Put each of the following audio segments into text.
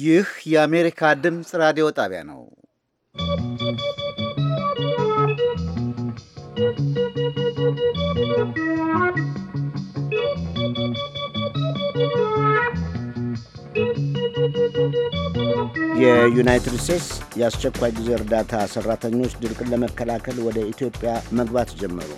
ይህ የአሜሪካ ድምፅ ራዲዮ ጣቢያ ነው። የዩናይትድ ስቴትስ የአስቸኳይ ጊዜ እርዳታ ሠራተኞች ድርቅን ለመከላከል ወደ ኢትዮጵያ መግባት ጀመሩ።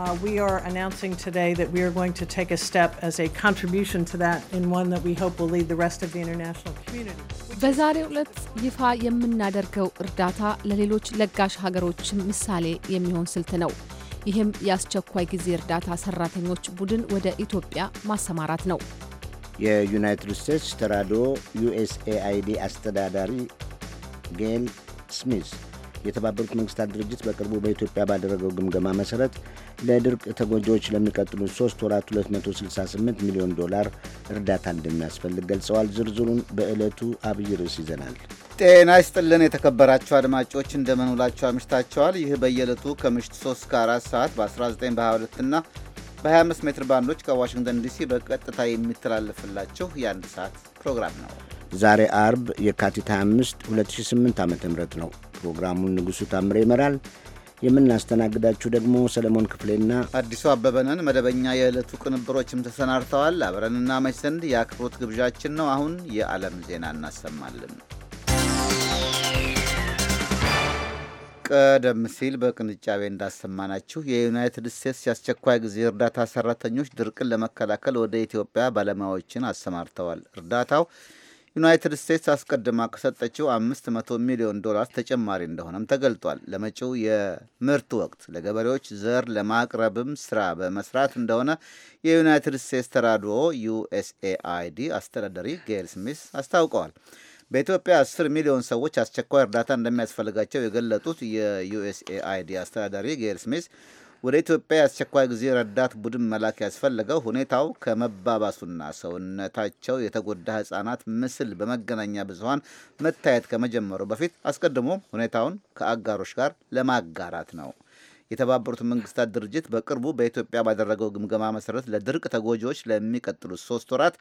Uh, we are announcing today that we are going to take a step as a contribution to that in one that we hope will lead the rest of the international community. በዛሬው ዕለት ይፋ የምናደርገው እርዳታ ለሌሎች ለጋሽ ሀገሮች ምሳሌ የሚሆን ስልት ነው። ይህም የአስቸኳይ ጊዜ እርዳታ ሰራተኞች ቡድን ወደ ኢትዮጵያ ማሰማራት ነው። የዩናይትድ ስቴትስ ተራድኦ ዩኤስኤአይዲ አስተዳዳሪ ጌል ስሚዝ የተባበሩት መንግስታት ድርጅት በቅርቡ በኢትዮጵያ ባደረገው ግምገማ መሰረት ለድርቅ ተጎጂዎች ለሚቀጥሉት ሶስት ወራት 268 ሚሊዮን ዶላር እርዳታ እንደሚያስፈልግ ገልጸዋል። ዝርዝሩን በዕለቱ አብይ ርዕስ ይዘናል። ጤና ይስጥልን የተከበራችሁ አድማጮች እንደምን ውላችሁ አምሽታችኋል። ይህ በየዕለቱ ከምሽቱ 3 እስከ 4 ሰዓት በ19 በ22 እና በ25 ሜትር ባንዶች ከዋሽንግተን ዲሲ በቀጥታ የሚተላለፍላችሁ የአንድ ሰዓት ፕሮግራም ነው። ዛሬ አርብ የካቲት 25 2008 ም ነው። ፕሮግራሙን ንጉሡ ታምሬ ይመራል። የምናስተናግዳችሁ ደግሞ ሰለሞን ክፍሌና አዲሱ አበበንን። መደበኛ የዕለቱ ቅንብሮችም ተሰናድተዋል። አብረንና መች ዘንድ የአክብሮት ግብዣችን ነው። አሁን የዓለም ዜና እናሰማለን። ቀደም ሲል በቅንጫቤ እንዳሰማናችሁ የዩናይትድ ስቴትስ የአስቸኳይ ጊዜ እርዳታ ሰራተኞች ድርቅን ለመከላከል ወደ ኢትዮጵያ ባለሙያዎችን አሰማርተዋል። እርዳታው ዩናይትድ ስቴትስ አስቀድማ ከሰጠችው 500 ሚሊዮን ዶላር ተጨማሪ እንደሆነም ተገልጧል። ለመጪው የምርት ወቅት ለገበሬዎች ዘር ለማቅረብም ስራ በመስራት እንደሆነ የዩናይትድ ስቴትስ ተራድኦ ዩኤስኤአይዲ አስተዳደሪ ጌል ስሚስ አስታውቀዋል። በኢትዮጵያ 10 ሚሊዮን ሰዎች አስቸኳይ እርዳታ እንደሚያስፈልጋቸው የገለጡት የዩኤስኤአይዲ አስተዳዳሪ ጌል ስሚስ ወደ ኢትዮጵያ የአስቸኳይ ጊዜ ረዳት ቡድን መላክ ያስፈለገው ሁኔታው ከመባባሱና ሰውነታቸው የተጎዳ ሕጻናት ምስል በመገናኛ ብዙኃን መታየት ከመጀመሩ በፊት አስቀድሞ ሁኔታውን ከአጋሮች ጋር ለማጋራት ነው። የተባበሩት መንግስታት ድርጅት በቅርቡ በኢትዮጵያ ባደረገው ግምገማ መሰረት ለድርቅ ተጎጂዎች ለሚቀጥሉት ሶስት ወራት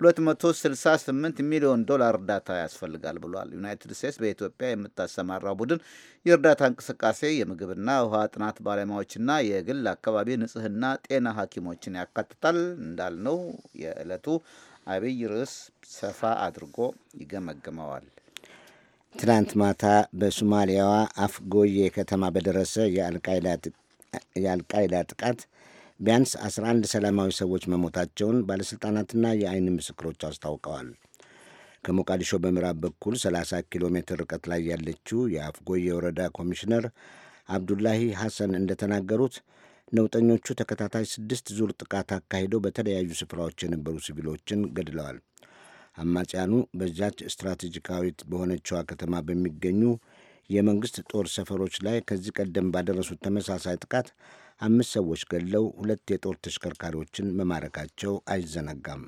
268 ሚሊዮን ዶላር እርዳታ ያስፈልጋል ብሏል። ዩናይትድ ስቴትስ በኢትዮጵያ የምታሰማራው ቡድን የእርዳታ እንቅስቃሴ የምግብና ውሃ ጥናት ባለሙያዎችና የግል አካባቢ ንጽህና ጤና ሐኪሞችን ያካትታል። እንዳልነው የዕለቱ አብይ ርዕስ ሰፋ አድርጎ ይገመግመዋል። ትናንት ማታ በሶማሊያዋ አፍጎዬ ከተማ በደረሰ የአልቃይዳ ጥቃት ቢያንስ 11 ሰላማዊ ሰዎች መሞታቸውን ባለሥልጣናትና የአይን ምስክሮች አስታውቀዋል። ከሞቃዲሾ በምዕራብ በኩል 30 ኪሎ ሜትር ርቀት ላይ ያለችው የአፍጎይ የወረዳ ኮሚሽነር አብዱላሂ ሐሰን እንደተናገሩት ነውጠኞቹ ተከታታይ ስድስት ዙር ጥቃት አካሂደው በተለያዩ ስፍራዎች የነበሩ ሲቪሎችን ገድለዋል። አማጽያኑ በዛች ስትራቴጂካዊት በሆነችዋ ከተማ በሚገኙ የመንግሥት ጦር ሰፈሮች ላይ ከዚህ ቀደም ባደረሱት ተመሳሳይ ጥቃት አምስት ሰዎች ገድለው ሁለት የጦር ተሽከርካሪዎችን መማረካቸው አይዘነጋም።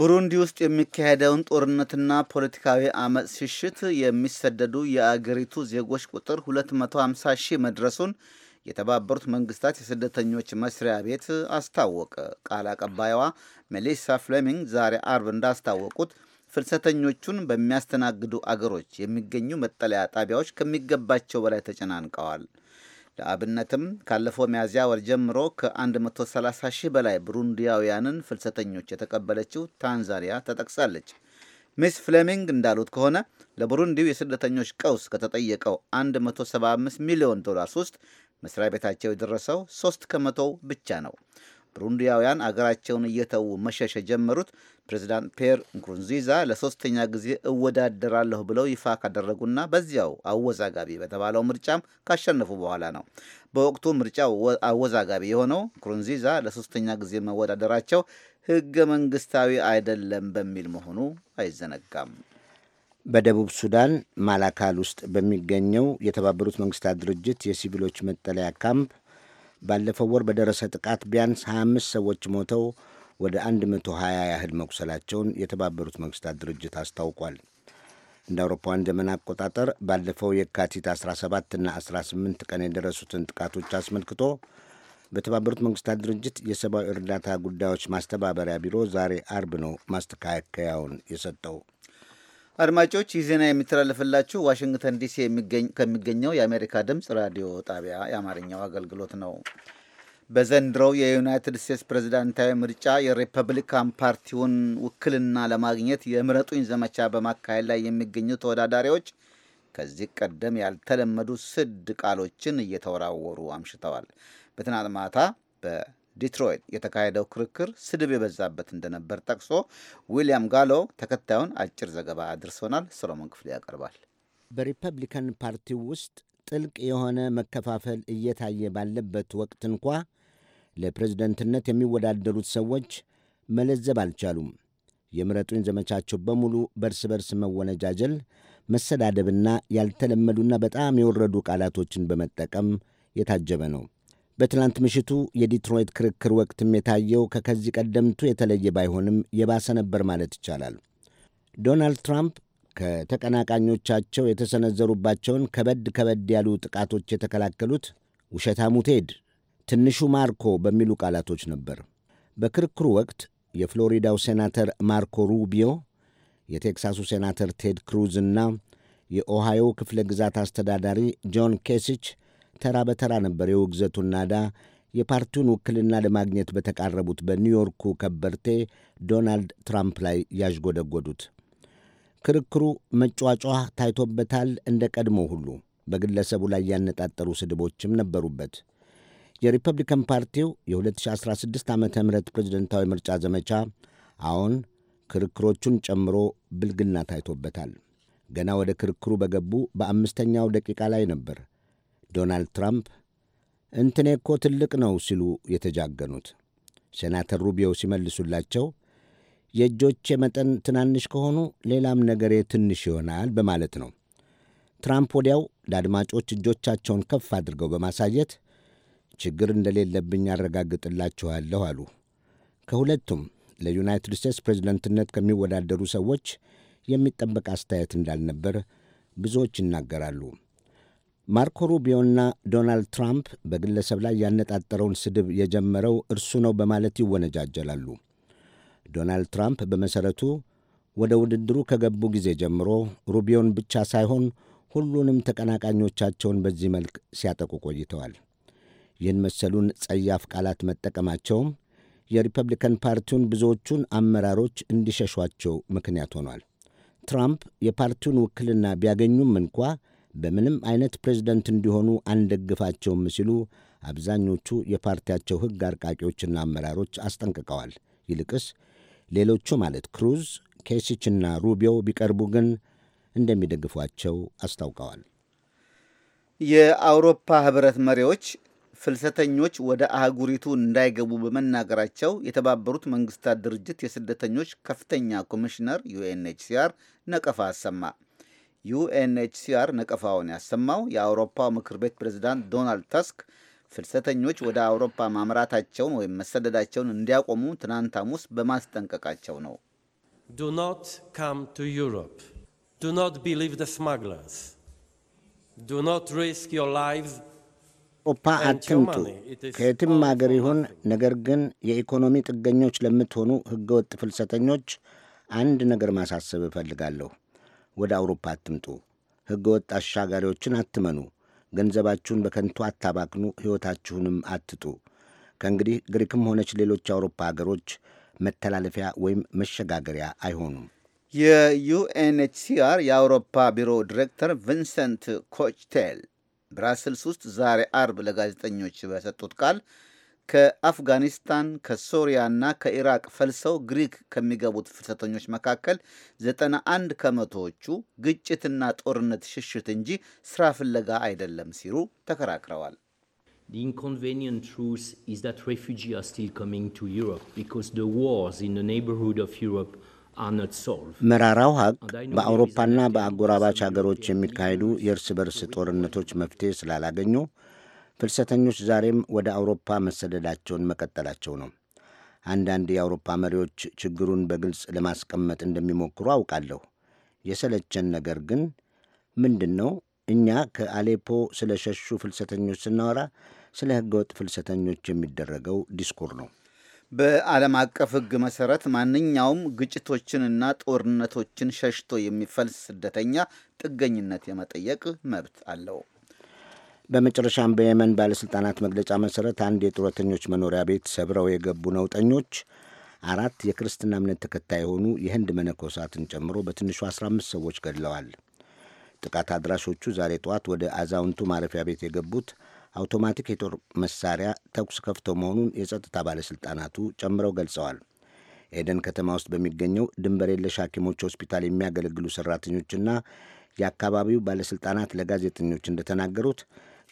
ቡሩንዲ ውስጥ የሚካሄደውን ጦርነትና ፖለቲካዊ አመፅ ሽሽት የሚሰደዱ የአገሪቱ ዜጎች ቁጥር 250 ሺህ መድረሱን የተባበሩት መንግስታት የስደተኞች መስሪያ ቤት አስታወቀ። ቃል አቀባይዋ ሜሊሳ ፍሌሚንግ ዛሬ አርብ እንዳስታወቁት ፍልሰተኞቹን በሚያስተናግዱ አገሮች የሚገኙ መጠለያ ጣቢያዎች ከሚገባቸው በላይ ተጨናንቀዋል። ለአብነትም ካለፈው ሚያዝያ ወር ጀምሮ ከ130 ሺህ በላይ ብሩንዲያውያንን ፍልሰተኞች የተቀበለችው ታንዛኒያ ተጠቅሳለች። ሚስ ፍሌሚንግ እንዳሉት ከሆነ ለቡሩንዲው የስደተኞች ቀውስ ከተጠየቀው 175 ሚሊዮን ዶላር ውስጥ መስሪያ ቤታቸው የደረሰው 3 ከመቶው ብቻ ነው። ብሩንዲያውያን አገራቸውን እየተዉ መሸሽ የጀመሩት ፕሬዚዳንት ፔር ንኩሩንዚዛ ለሶስተኛ ጊዜ እወዳደራለሁ ብለው ይፋ ካደረጉና በዚያው አወዛጋቢ በተባለው ምርጫም ካሸነፉ በኋላ ነው። በወቅቱ ምርጫው አወዛጋቢ የሆነው ንኩሩንዚዛ ለሶስተኛ ጊዜ መወዳደራቸው ህገ መንግስታዊ አይደለም በሚል መሆኑ አይዘነጋም። በደቡብ ሱዳን ማላካል ውስጥ በሚገኘው የተባበሩት መንግስታት ድርጅት የሲቪሎች መጠለያ ካምፕ ባለፈው ወር በደረሰ ጥቃት ቢያንስ 25 ሰዎች ሞተው ወደ 120 ያህል መቁሰላቸውን የተባበሩት መንግስታት ድርጅት አስታውቋል። እንደ አውሮፓውያን ዘመን አቆጣጠር ባለፈው የካቲት 17ና 18 ቀን የደረሱትን ጥቃቶች አስመልክቶ በተባበሩት መንግስታት ድርጅት የሰብአዊ እርዳታ ጉዳዮች ማስተባበሪያ ቢሮ ዛሬ አርብ ነው ማስተካከያውን የሰጠው። አድማጮች ይህ ዜና የሚተላለፍላችሁ ዋሽንግተን ዲሲ ከሚገኘው የአሜሪካ ድምፅ ራዲዮ ጣቢያ የአማርኛው አገልግሎት ነው። በዘንድሮው የዩናይትድ ስቴትስ ፕሬዝዳንታዊ ምርጫ የሪፐብሊካን ፓርቲውን ውክልና ለማግኘት የምረጡኝ ዘመቻ በማካሄድ ላይ የሚገኙ ተወዳዳሪዎች ከዚህ ቀደም ያልተለመዱ ስድ ቃሎችን እየተወራወሩ አምሽተዋል። በትናንት ማታ ዲትሮይት የተካሄደው ክርክር ስድብ የበዛበት እንደነበር ጠቅሶ ዊልያም ጋሎ ተከታዩን አጭር ዘገባ አድርሶናል። ሰሎሞን ክፍሌ ያቀርባል። በሪፐብሊካን ፓርቲው ውስጥ ጥልቅ የሆነ መከፋፈል እየታየ ባለበት ወቅት እንኳ ለፕሬዝደንትነት የሚወዳደሩት ሰዎች መለዘብ አልቻሉም። የምረጡኝ ዘመቻቸው በሙሉ በእርስ በርስ መወነጃጀል፣ መሰዳደብና ያልተለመዱና በጣም የወረዱ ቃላቶችን በመጠቀም የታጀበ ነው። በትላንት ምሽቱ የዲትሮይት ክርክር ወቅትም የታየው ከከዚህ ቀደምቱ የተለየ ባይሆንም የባሰ ነበር ማለት ይቻላል። ዶናልድ ትራምፕ ከተቀናቃኞቻቸው የተሰነዘሩባቸውን ከበድ ከበድ ያሉ ጥቃቶች የተከላከሉት ውሸታሙ ቴድ፣ ትንሹ ማርኮ በሚሉ ቃላቶች ነበር። በክርክሩ ወቅት የፍሎሪዳው ሴናተር ማርኮ ሩቢዮ፣ የቴክሳሱ ሴናተር ቴድ ክሩዝ እና የኦሃዮ ክፍለ ግዛት አስተዳዳሪ ጆን ኬሲች ተራ በተራ ነበር የውግዘቱ ናዳ የፓርቲውን ውክልና ለማግኘት በተቃረቡት በኒውዮርኩ ከበርቴ ዶናልድ ትራምፕ ላይ ያዥጎደጎዱት። ክርክሩ መጯጫ ታይቶበታል። እንደ ቀድሞ ሁሉ በግለሰቡ ላይ ያነጣጠሩ ስድቦችም ነበሩበት። የሪፐብሊካን ፓርቲው የ2016 ዓ ም ፕሬዝደንታዊ ምርጫ ዘመቻ አሁን ክርክሮቹን ጨምሮ ብልግና ታይቶበታል። ገና ወደ ክርክሩ በገቡ በአምስተኛው ደቂቃ ላይ ነበር ዶናልድ ትራምፕ እንትኔ እኮ ትልቅ ነው ሲሉ የተጃገኑት ሴናተር ሩቢዮ ሲመልሱላቸው የእጆቼ መጠን ትናንሽ ከሆኑ ሌላም ነገሬ ትንሽ ይሆናል በማለት ነው። ትራምፕ ወዲያው ለአድማጮች እጆቻቸውን ከፍ አድርገው በማሳየት ችግር እንደሌለብኝ ያረጋግጥላችኋለሁ አሉ። ከሁለቱም ለዩናይትድ ስቴትስ ፕሬዝደንትነት ከሚወዳደሩ ሰዎች የሚጠበቅ አስተያየት እንዳልነበር ብዙዎች ይናገራሉ። ማርኮ ሩቢዮና ዶናልድ ትራምፕ በግለሰብ ላይ ያነጣጠረውን ስድብ የጀመረው እርሱ ነው በማለት ይወነጃጀላሉ። ዶናልድ ትራምፕ በመሠረቱ ወደ ውድድሩ ከገቡ ጊዜ ጀምሮ ሩቢዮን ብቻ ሳይሆን ሁሉንም ተቀናቃኞቻቸውን በዚህ መልክ ሲያጠቁ ቆይተዋል። ይህን መሰሉን ጸያፍ ቃላት መጠቀማቸውም የሪፐብሊካን ፓርቲውን ብዙዎቹን አመራሮች እንዲሸሿቸው ምክንያት ሆኗል። ትራምፕ የፓርቲውን ውክልና ቢያገኙም እንኳ በምንም አይነት ፕሬዝደንት እንዲሆኑ አንደግፋቸውም ሲሉ አብዛኞቹ የፓርቲያቸው ሕግ አርቃቂዎችና አመራሮች አስጠንቅቀዋል። ይልቅስ ሌሎቹ ማለት ክሩዝ፣ ኬሲችና ሩቢዮ ቢቀርቡ ግን እንደሚደግፏቸው አስታውቀዋል። የአውሮፓ ህብረት መሪዎች ፍልሰተኞች ወደ አህጉሪቱ እንዳይገቡ በመናገራቸው የተባበሩት መንግስታት ድርጅት የስደተኞች ከፍተኛ ኮሚሽነር ዩኤንኤችሲአር ነቀፋ አሰማ። ዩኤንኤችሲአር ነቀፋውን ያሰማው የአውሮፓው ምክር ቤት ፕሬዝዳንት ዶናልድ ተስክ ፍልሰተኞች ወደ አውሮፓ ማምራታቸውን ወይም መሰደዳቸውን እንዲያቆሙ ትናንት ሐሙስ በማስጠንቀቃቸው ነው። Do not come ኦፓ አትምጡ። ከየትም አገር ይሁን፣ ነገር ግን የኢኮኖሚ ጥገኞች ለምትሆኑ ሕገወጥ ፍልሰተኞች አንድ ነገር ማሳሰብ እፈልጋለሁ። ወደ አውሮፓ አትምጡ፣ ሕገ ወጥ አሻጋሪዎችን አትመኑ፣ ገንዘባችሁን በከንቱ አታባክኑ፣ ሕይወታችሁንም አትጡ። ከእንግዲህ ግሪክም ሆነች ሌሎች የአውሮፓ አገሮች መተላለፊያ ወይም መሸጋገሪያ አይሆኑም። የዩኤንኤችሲአር የአውሮፓ ቢሮ ዲሬክተር ቪንሰንት ኮችቴል ብራስልስ ውስጥ ዛሬ አርብ ለጋዜጠኞች በሰጡት ቃል ከአፍጋኒስታን ከሶሪያና ከኢራቅ ፈልሰው ግሪክ ከሚገቡት ፍልሰተኞች መካከል ዘጠና ከመቶዎቹ ግጭትና ጦርነት ሽሽት እንጂ ስራ ፍለጋ አይደለም ሲሉ ተከራክረዋል። መራራው ሀቅ በአውሮፓና በአጎራባች ሀገሮች የሚካሄዱ የእርስ በርስ ጦርነቶች መፍትሄ ስላላገኙ ፍልሰተኞች ዛሬም ወደ አውሮፓ መሰደዳቸውን መቀጠላቸው ነው። አንዳንድ የአውሮፓ መሪዎች ችግሩን በግልጽ ለማስቀመጥ እንደሚሞክሩ አውቃለሁ። የሰለቸን ነገር ግን ምንድን ነው? እኛ ከአሌፖ ስለ ሸሹ ፍልሰተኞች ስናወራ ስለ ህገወጥ ፍልሰተኞች የሚደረገው ዲስኩር ነው። በዓለም አቀፍ ህግ መሰረት ማንኛውም ግጭቶችንና ጦርነቶችን ሸሽቶ የሚፈልስ ስደተኛ ጥገኝነት የመጠየቅ መብት አለው። በመጨረሻም በየመን ባለሥልጣናት መግለጫ መሠረት አንድ የጡረተኞች መኖሪያ ቤት ሰብረው የገቡ ነውጠኞች አራት የክርስትና እምነት ተከታይ የሆኑ የህንድ መነኮሳትን ጨምሮ በትንሹ 15 ሰዎች ገድለዋል። ጥቃት አድራሾቹ ዛሬ ጠዋት ወደ አዛውንቱ ማረፊያ ቤት የገቡት አውቶማቲክ የጦር መሳሪያ ተኩስ ከፍተው መሆኑን የጸጥታ ባለሥልጣናቱ ጨምረው ገልጸዋል። ኤደን ከተማ ውስጥ በሚገኘው ድንበር የለሽ ሐኪሞች ሆስፒታል የሚያገለግሉ ሠራተኞችና የአካባቢው ባለሥልጣናት ለጋዜጠኞች እንደተናገሩት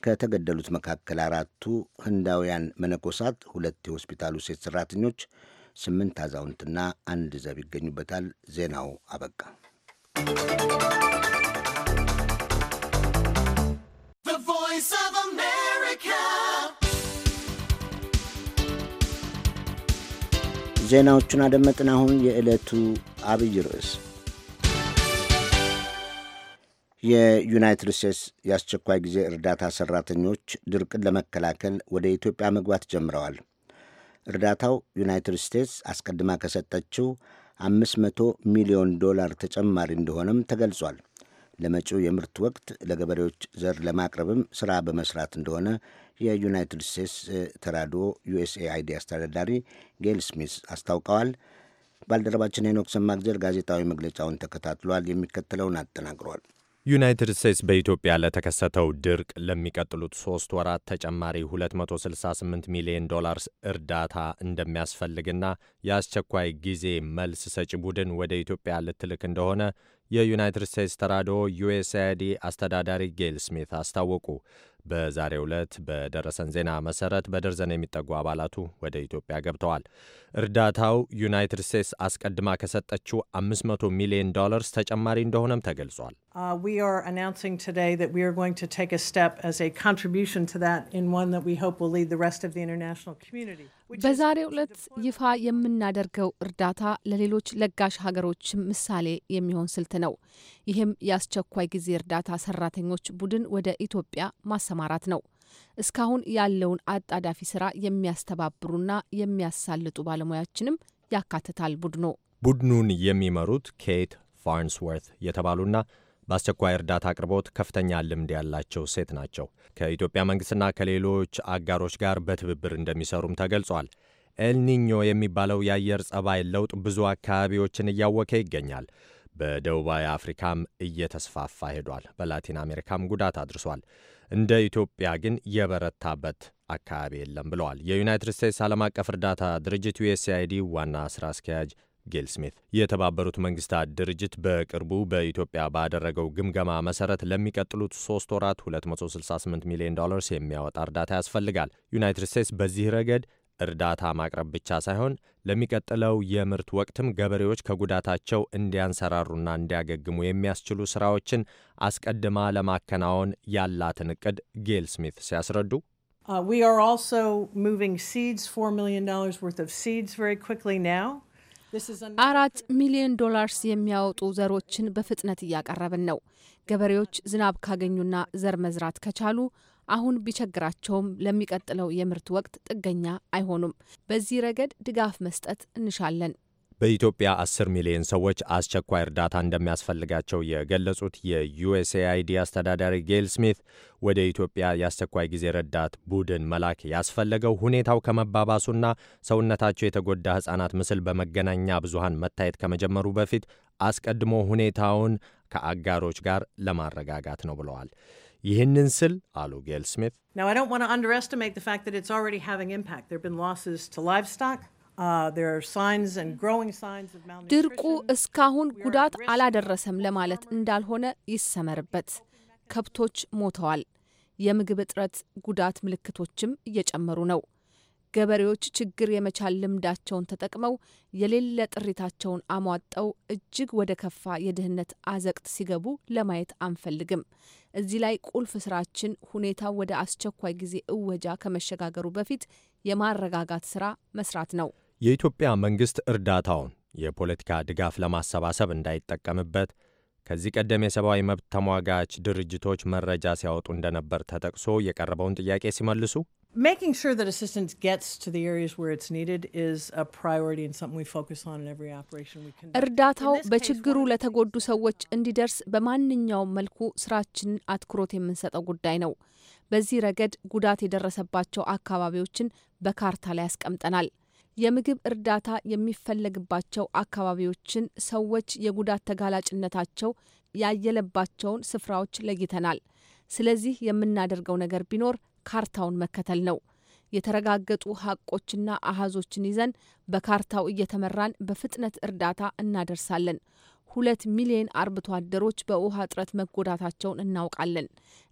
ከተገደሉት መካከል አራቱ ህንዳውያን መነኮሳት፣ ሁለት የሆስፒታሉ ሴት ሠራተኞች፣ ስምንት አዛውንትና አንድ ዘብ ይገኙበታል። ዜናው አበቃ። ዜናዎቹን አደመጥን። አሁን የዕለቱ አብይ ርዕስ የዩናይትድ ስቴትስ የአስቸኳይ ጊዜ እርዳታ ሰራተኞች ድርቅን ለመከላከል ወደ ኢትዮጵያ መግባት ጀምረዋል። እርዳታው ዩናይትድ ስቴትስ አስቀድማ ከሰጠችው 500 ሚሊዮን ዶላር ተጨማሪ እንደሆነም ተገልጿል። ለመጪው የምርት ወቅት ለገበሬዎች ዘር ለማቅረብም ስራ በመስራት እንደሆነ የዩናይትድ ስቴትስ ተራድኦ ዩኤስኤአይዲ አስተዳዳሪ ጌል ስሚስ አስታውቀዋል። ባልደረባችን ሄኖክ ሰማግዜር ጋዜጣዊ መግለጫውን ተከታትሏል። የሚከተለውን አጠናግሯል። ዩናይትድ ስቴትስ በኢትዮጵያ ለተከሰተው ድርቅ ለሚቀጥሉት ሶስት ወራት ተጨማሪ 268 ሚሊዮን ዶላር እርዳታ እንደሚያስፈልግና የአስቸኳይ ጊዜ መልስ ሰጪ ቡድን ወደ ኢትዮጵያ ልትልክ እንደሆነ የዩናይትድ ስቴትስ ተራድኦ ዩኤስአይዲ አስተዳዳሪ ጌል ስሚት አስታወቁ። በዛሬ ዕለት በደረሰን ዜና መሰረት በደርዘን የሚጠጉ አባላቱ ወደ ኢትዮጵያ ገብተዋል። እርዳታው ዩናይትድ ስቴትስ አስቀድማ ከሰጠችው 500 ሚሊዮን ዶላርስ ተጨማሪ እንደሆነም ተገልጿል። uh, በዛሬው ዕለት ይፋ የምናደርገው እርዳታ ለሌሎች ለጋሽ ሀገሮች ምሳሌ የሚሆን ስልት ነው። ይህም የአስቸኳይ ጊዜ እርዳታ ሰራተኞች ቡድን ወደ ኢትዮጵያ ማሰማራት ነው። እስካሁን ያለውን አጣዳፊ ስራ የሚያስተባብሩና የሚያሳልጡ ባለሙያችንም ያካትታል ቡድኑ። ቡድኑን የሚመሩት ኬት ፋርንስወርት የተባሉና በአስቸኳይ እርዳታ አቅርቦት ከፍተኛ ልምድ ያላቸው ሴት ናቸው። ከኢትዮጵያ መንግሥትና ከሌሎች አጋሮች ጋር በትብብር እንደሚሰሩም ተገልጿል። ኤልኒኞ የሚባለው የአየር ጸባይ ለውጥ ብዙ አካባቢዎችን እያወከ ይገኛል። በደቡባዊ አፍሪካም እየተስፋፋ ሄዷል። በላቲን አሜሪካም ጉዳት አድርሷል። እንደ ኢትዮጵያ ግን የበረታበት አካባቢ የለም ብለዋል የዩናይትድ ስቴትስ ዓለም አቀፍ እርዳታ ድርጅት ዩኤስአይዲ ዋና ስራ አስኪያጅ ጌል ስሚት የተባበሩት መንግስታት ድርጅት በቅርቡ በኢትዮጵያ ባደረገው ግምገማ መሰረት ለሚቀጥሉት ሶስት ወራት 268 ሚሊዮን ዶላርስ የሚያወጣ እርዳታ ያስፈልጋል። ዩናይትድ ስቴትስ በዚህ ረገድ እርዳታ ማቅረብ ብቻ ሳይሆን ለሚቀጥለው የምርት ወቅትም ገበሬዎች ከጉዳታቸው እንዲያንሰራሩና እንዲያገግሙ የሚያስችሉ ስራዎችን አስቀድማ ለማከናወን ያላትን እቅድ ጌል ስሚት ሲያስረዱ Uh, we are also moving seeds, $4 million worth of seeds very quickly now. አራት ሚሊዮን ዶላርስ የሚያወጡ ዘሮችን በፍጥነት እያቀረብን ነው። ገበሬዎች ዝናብ ካገኙና ዘር መዝራት ከቻሉ አሁን ቢቸግራቸውም ለሚቀጥለው የምርት ወቅት ጥገኛ አይሆኑም። በዚህ ረገድ ድጋፍ መስጠት እንሻለን። በኢትዮጵያ 10 ሚሊዮን ሰዎች አስቸኳይ እርዳታ እንደሚያስፈልጋቸው የገለጹት የዩኤስኤአይዲ አስተዳዳሪ ጌል ስሚት ወደ ኢትዮጵያ የአስቸኳይ ጊዜ ረዳት ቡድን መላክ ያስፈለገው ሁኔታው ከመባባሱና ሰውነታቸው የተጎዳ ሕፃናት ምስል በመገናኛ ብዙሃን መታየት ከመጀመሩ በፊት አስቀድሞ ሁኔታውን ከአጋሮች ጋር ለማረጋጋት ነው ብለዋል። ይህንን ስል አሉ ጌል ስሚት Uh, ድርቁ እስካሁን ጉዳት አላደረሰም ለማለት እንዳልሆነ ይሰመርበት። ከብቶች ሞተዋል። የምግብ እጥረት ጉዳት ምልክቶችም እየጨመሩ ነው። ገበሬዎች ችግር የመቻል ልምዳቸውን ተጠቅመው የሌለ ጥሪታቸውን አሟጠው እጅግ ወደ ከፋ የድህነት አዘቅት ሲገቡ ለማየት አንፈልግም። እዚህ ላይ ቁልፍ ስራችን ሁኔታው ወደ አስቸኳይ ጊዜ እወጃ ከመሸጋገሩ በፊት የማረጋጋት ስራ መስራት ነው። የኢትዮጵያ መንግሥት እርዳታውን የፖለቲካ ድጋፍ ለማሰባሰብ እንዳይጠቀምበት ከዚህ ቀደም የሰብአዊ መብት ተሟጋች ድርጅቶች መረጃ ሲያወጡ እንደነበር ተጠቅሶ የቀረበውን ጥያቄ ሲመልሱ እርዳታው በችግሩ ለተጎዱ ሰዎች እንዲደርስ በማንኛውም መልኩ ስራችንን አትኩሮት የምንሰጠው ጉዳይ ነው። በዚህ ረገድ ጉዳት የደረሰባቸው አካባቢዎችን በካርታ ላይ ያስቀምጠናል። የምግብ እርዳታ የሚፈለግባቸው አካባቢዎችን፣ ሰዎች የጉዳት ተጋላጭነታቸው ያየለባቸውን ስፍራዎች ለይተናል። ስለዚህ የምናደርገው ነገር ቢኖር ካርታውን መከተል ነው። የተረጋገጡ ሀቆችና አሃዞችን ይዘን በካርታው እየተመራን በፍጥነት እርዳታ እናደርሳለን። ሁለት ሚሊዮን አርብቶ አደሮች በውሃ እጥረት መጎዳታቸውን እናውቃለን።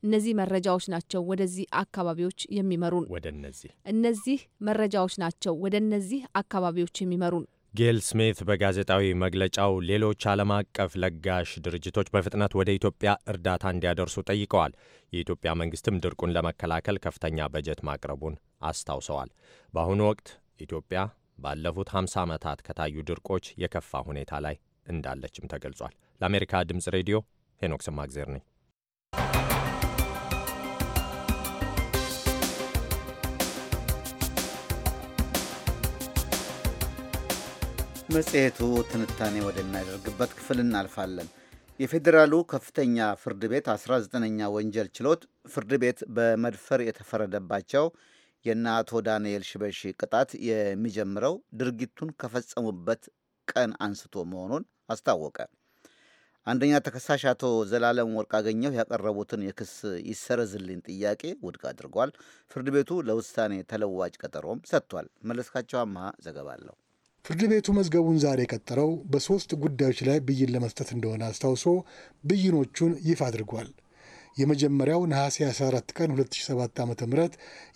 እነዚህ መረጃዎች ናቸው ወደዚህ አካባቢዎች የሚመሩን። ወደ እነዚህ እነዚህ መረጃዎች ናቸው ወደ እነዚህ አካባቢዎች የሚመሩን። ጌል ስሚት በጋዜጣዊ መግለጫው ሌሎች ዓለም አቀፍ ለጋሽ ድርጅቶች በፍጥነት ወደ ኢትዮጵያ እርዳታ እንዲያደርሱ ጠይቀዋል። የኢትዮጵያ መንግስትም ድርቁን ለመከላከል ከፍተኛ በጀት ማቅረቡን አስታውሰዋል። በአሁኑ ወቅት ኢትዮጵያ ባለፉት 50 ዓመታት ከታዩ ድርቆች የከፋ ሁኔታ ላይ እንዳለችም ተገልጿል። ለአሜሪካ ድምፅ ሬዲዮ ሄኖክ ሰማግዜር ነኝ። መጽሔቱ ትንታኔ ወደሚያደርግበት ክፍል እናልፋለን። የፌዴራሉ ከፍተኛ ፍርድ ቤት 19ኛ ወንጀል ችሎት ፍርድ ቤት በመድፈር የተፈረደባቸው የእነ አቶ ዳንኤል ሽበሺ ቅጣት የሚጀምረው ድርጊቱን ከፈጸሙበት ቀን አንስቶ መሆኑን አስታወቀ። አንደኛ ተከሳሽ አቶ ዘላለም ወርቅ አገኘሁ ያቀረቡትን የክስ ይሰረዝልኝ ጥያቄ ውድቅ አድርጓል። ፍርድ ቤቱ ለውሳኔ ተለዋጭ ቀጠሮም ሰጥቷል። መለስካቸው አመሃ ዘገባ አለው። ፍርድ ቤቱ መዝገቡን ዛሬ የቀጠረው በሶስት ጉዳዮች ላይ ብይን ለመስጠት እንደሆነ አስታውሶ ብይኖቹን ይፋ አድርጓል። የመጀመሪያው ነሐሴ 14 ቀን 2007 ዓ ም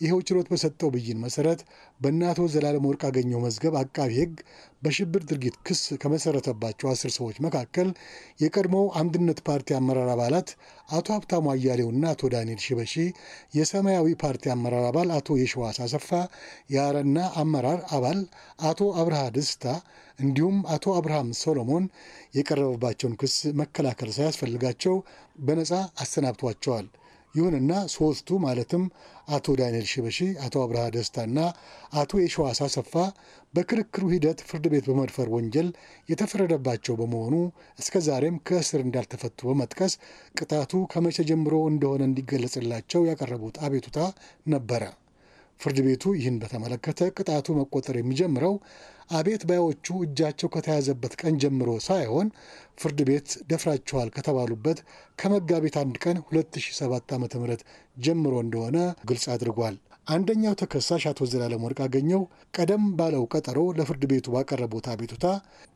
ይኸው ችሎት በሰጠው ብይን መሠረት በእናቶ ዘላለም ወርቅ አገኘው መዝገብ አቃቢ ሕግ በሽብር ድርጊት ክስ ከመሠረተባቸው አስር ሰዎች መካከል የቀድሞ አንድነት ፓርቲ አመራር አባላት አቶ ሀብታሙ አያሌውና አቶ ዳንኤል ሽበሺ፣ የሰማያዊ ፓርቲ አመራር አባል አቶ የሸዋስ አሰፋ፣ የአረና አመራር አባል አቶ አብርሃ ደስታ እንዲሁም አቶ አብርሃም ሶሎሞን የቀረበባቸውን ክስ መከላከል ሳያስፈልጋቸው በነፃ አሰናብቷቸዋል። ይሁንና ሶስቱ ማለትም አቶ ዳንኤል ሽበሺ፣ አቶ አብርሃ ደስታና አቶ የሸዋስ አሰፋ በክርክሩ ሂደት ፍርድ ቤት በመድፈር ወንጀል የተፈረደባቸው በመሆኑ እስከ ዛሬም ከእስር እንዳልተፈቱ በመጥቀስ ቅጣቱ ከመቼ ጀምሮ እንደሆነ እንዲገለጽላቸው ያቀረቡት አቤቱታ ነበረ። ፍርድ ቤቱ ይህን በተመለከተ ቅጣቱ መቆጠር የሚጀምረው አቤት ባዮቹ እጃቸው ከተያዘበት ቀን ጀምሮ ሳይሆን ፍርድ ቤት ደፍራችኋል ከተባሉበት ከመጋቢት አንድ ቀን 2007 ዓ.ም ጀምሮ እንደሆነ ግልጽ አድርጓል። አንደኛው ተከሳሽ አቶ ዘላለም ወርቅ አገኘው ቀደም ባለው ቀጠሮ ለፍርድ ቤቱ ባቀረቡት አቤቱታ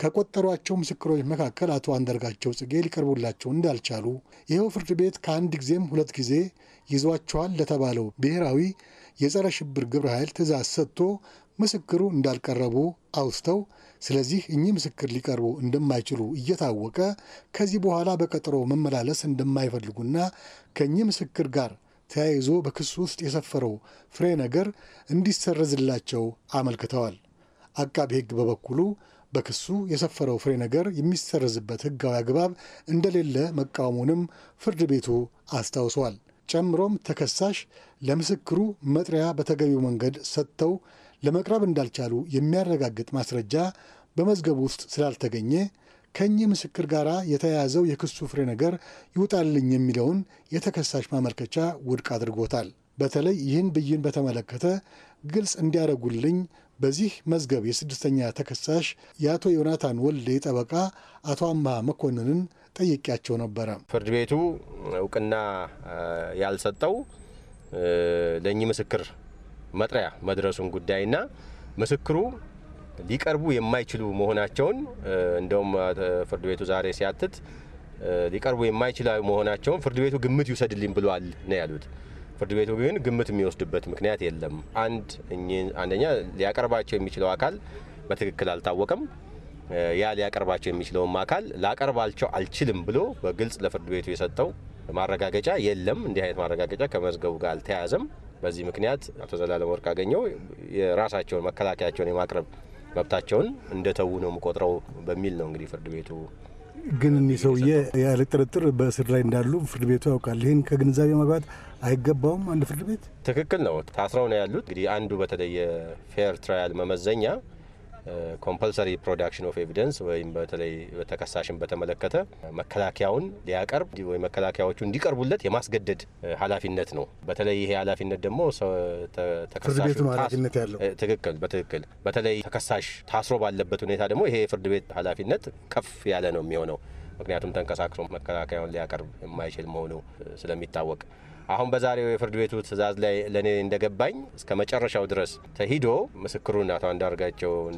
ከቆጠሯቸው ምስክሮች መካከል አቶ አንዳርጋቸው ጽጌ ሊቀርቡላቸው እንዳልቻሉ ይኸው ፍርድ ቤት ከአንድ ጊዜም ሁለት ጊዜ ይዟቸዋል ለተባለው ብሔራዊ የጸረ ሽብር ግብረ ኃይል ትእዛዝ ሰጥቶ ምስክሩ እንዳልቀረቡ አውስተው ስለዚህ እኚህ ምስክር ሊቀርቡ እንደማይችሉ እየታወቀ ከዚህ በኋላ በቀጠሮ መመላለስ እንደማይፈልጉና ከእኚህ ምስክር ጋር ተያይዞ በክሱ ውስጥ የሰፈረው ፍሬ ነገር እንዲሰረዝላቸው አመልክተዋል። አቃቢ ሕግ በበኩሉ በክሱ የሰፈረው ፍሬ ነገር የሚሰረዝበት ሕጋዊ አግባብ እንደሌለ መቃወሙንም ፍርድ ቤቱ አስታውሷል። ጨምሮም ተከሳሽ ለምስክሩ መጥሪያ በተገቢው መንገድ ሰጥተው ለመቅረብ እንዳልቻሉ የሚያረጋግጥ ማስረጃ በመዝገቡ ውስጥ ስላልተገኘ ከእኚህ ምስክር ጋር የተያያዘው የክሱ ፍሬ ነገር ይውጣልኝ የሚለውን የተከሳሽ ማመልከቻ ውድቅ አድርጎታል። በተለይ ይህን ብይን በተመለከተ ግልጽ እንዲያደርጉልኝ በዚህ መዝገብ የስድስተኛ ተከሳሽ የአቶ ዮናታን ወልዴ ጠበቃ አቶ አምሃ መኮንንን ጠይቄያቸው ነበረ። ፍርድ ቤቱ እውቅና ያልሰጠው ለእኚህ ምስክር መጥሪያ መድረሱን ጉዳይና ምስክሩ ሊቀርቡ የማይችሉ መሆናቸውን እንደውም ፍርድ ቤቱ ዛሬ ሲያትት ሊቀርቡ የማይችሉ መሆናቸውን ፍርድ ቤቱ ግምት ይውሰድልኝ ብሏል ነው ያሉት። ፍርድ ቤቱ ግን ግምት የሚወስድበት ምክንያት የለም። አንድ አንደኛ ሊያቀርባቸው የሚችለው አካል በትክክል አልታወቀም። ያ ሊያቀርባቸው የሚችለውም አካል ላቀርባቸው አልችልም ብሎ በግልጽ ለፍርድ ቤቱ የሰጠው ማረጋገጫ የለም። እንዲህ አይነት ማረጋገጫ ከመዝገቡ ጋር አልተያያዘም። በዚህ ምክንያት አቶ ዘላለም ወርቅ አገኘው የራሳቸውን መከላከያቸውን የማቅረብ መብታቸውን እንደተዉ ነው የምቆጥረው በሚል ነው እንግዲህ ፍርድ ቤቱ ግን እኒህ ሰውዬ ያለ ጥርጥር በእስር ላይ እንዳሉ ፍርድ ቤቱ ያውቃል። ይህን ከግንዛቤ መግባት አይገባውም አንድ ፍርድ ቤት። ትክክል ነው። ታስረው ነው ያሉት። እንግዲህ አንዱ በተለየ ፌር ትራያል መመዘኛ ኮምፐልሰሪ ፕሮዳክሽን ኦፍ ኤቪደንስ ወይም በተለይ ተከሳሽን በተመለከተ መከላከያውን ሊያቀርብ ወይም መከላከያዎቹ እንዲቀርቡለት የማስገደድ ኃላፊነት ነው። በተለይ ይሄ ኃላፊነት ደግሞ ፍርድ ቤቱ ኃላፊነት ያለው ትክክል በትክክል በተለይ ተከሳሽ ታስሮ ባለበት ሁኔታ ደግሞ ይሄ የፍርድ ቤት ኃላፊነት ከፍ ያለ ነው የሚሆነው ምክንያቱም ተንቀሳቅሶ መከላከያውን ሊያቀርብ የማይችል መሆኑ ስለሚታወቅ አሁን በዛሬው የፍርድ ቤቱ ትዕዛዝ ላይ ለእኔ እንደገባኝ እስከ መጨረሻው ድረስ ተሂዶ ምስክሩን አቶ አንዳርጋቸውን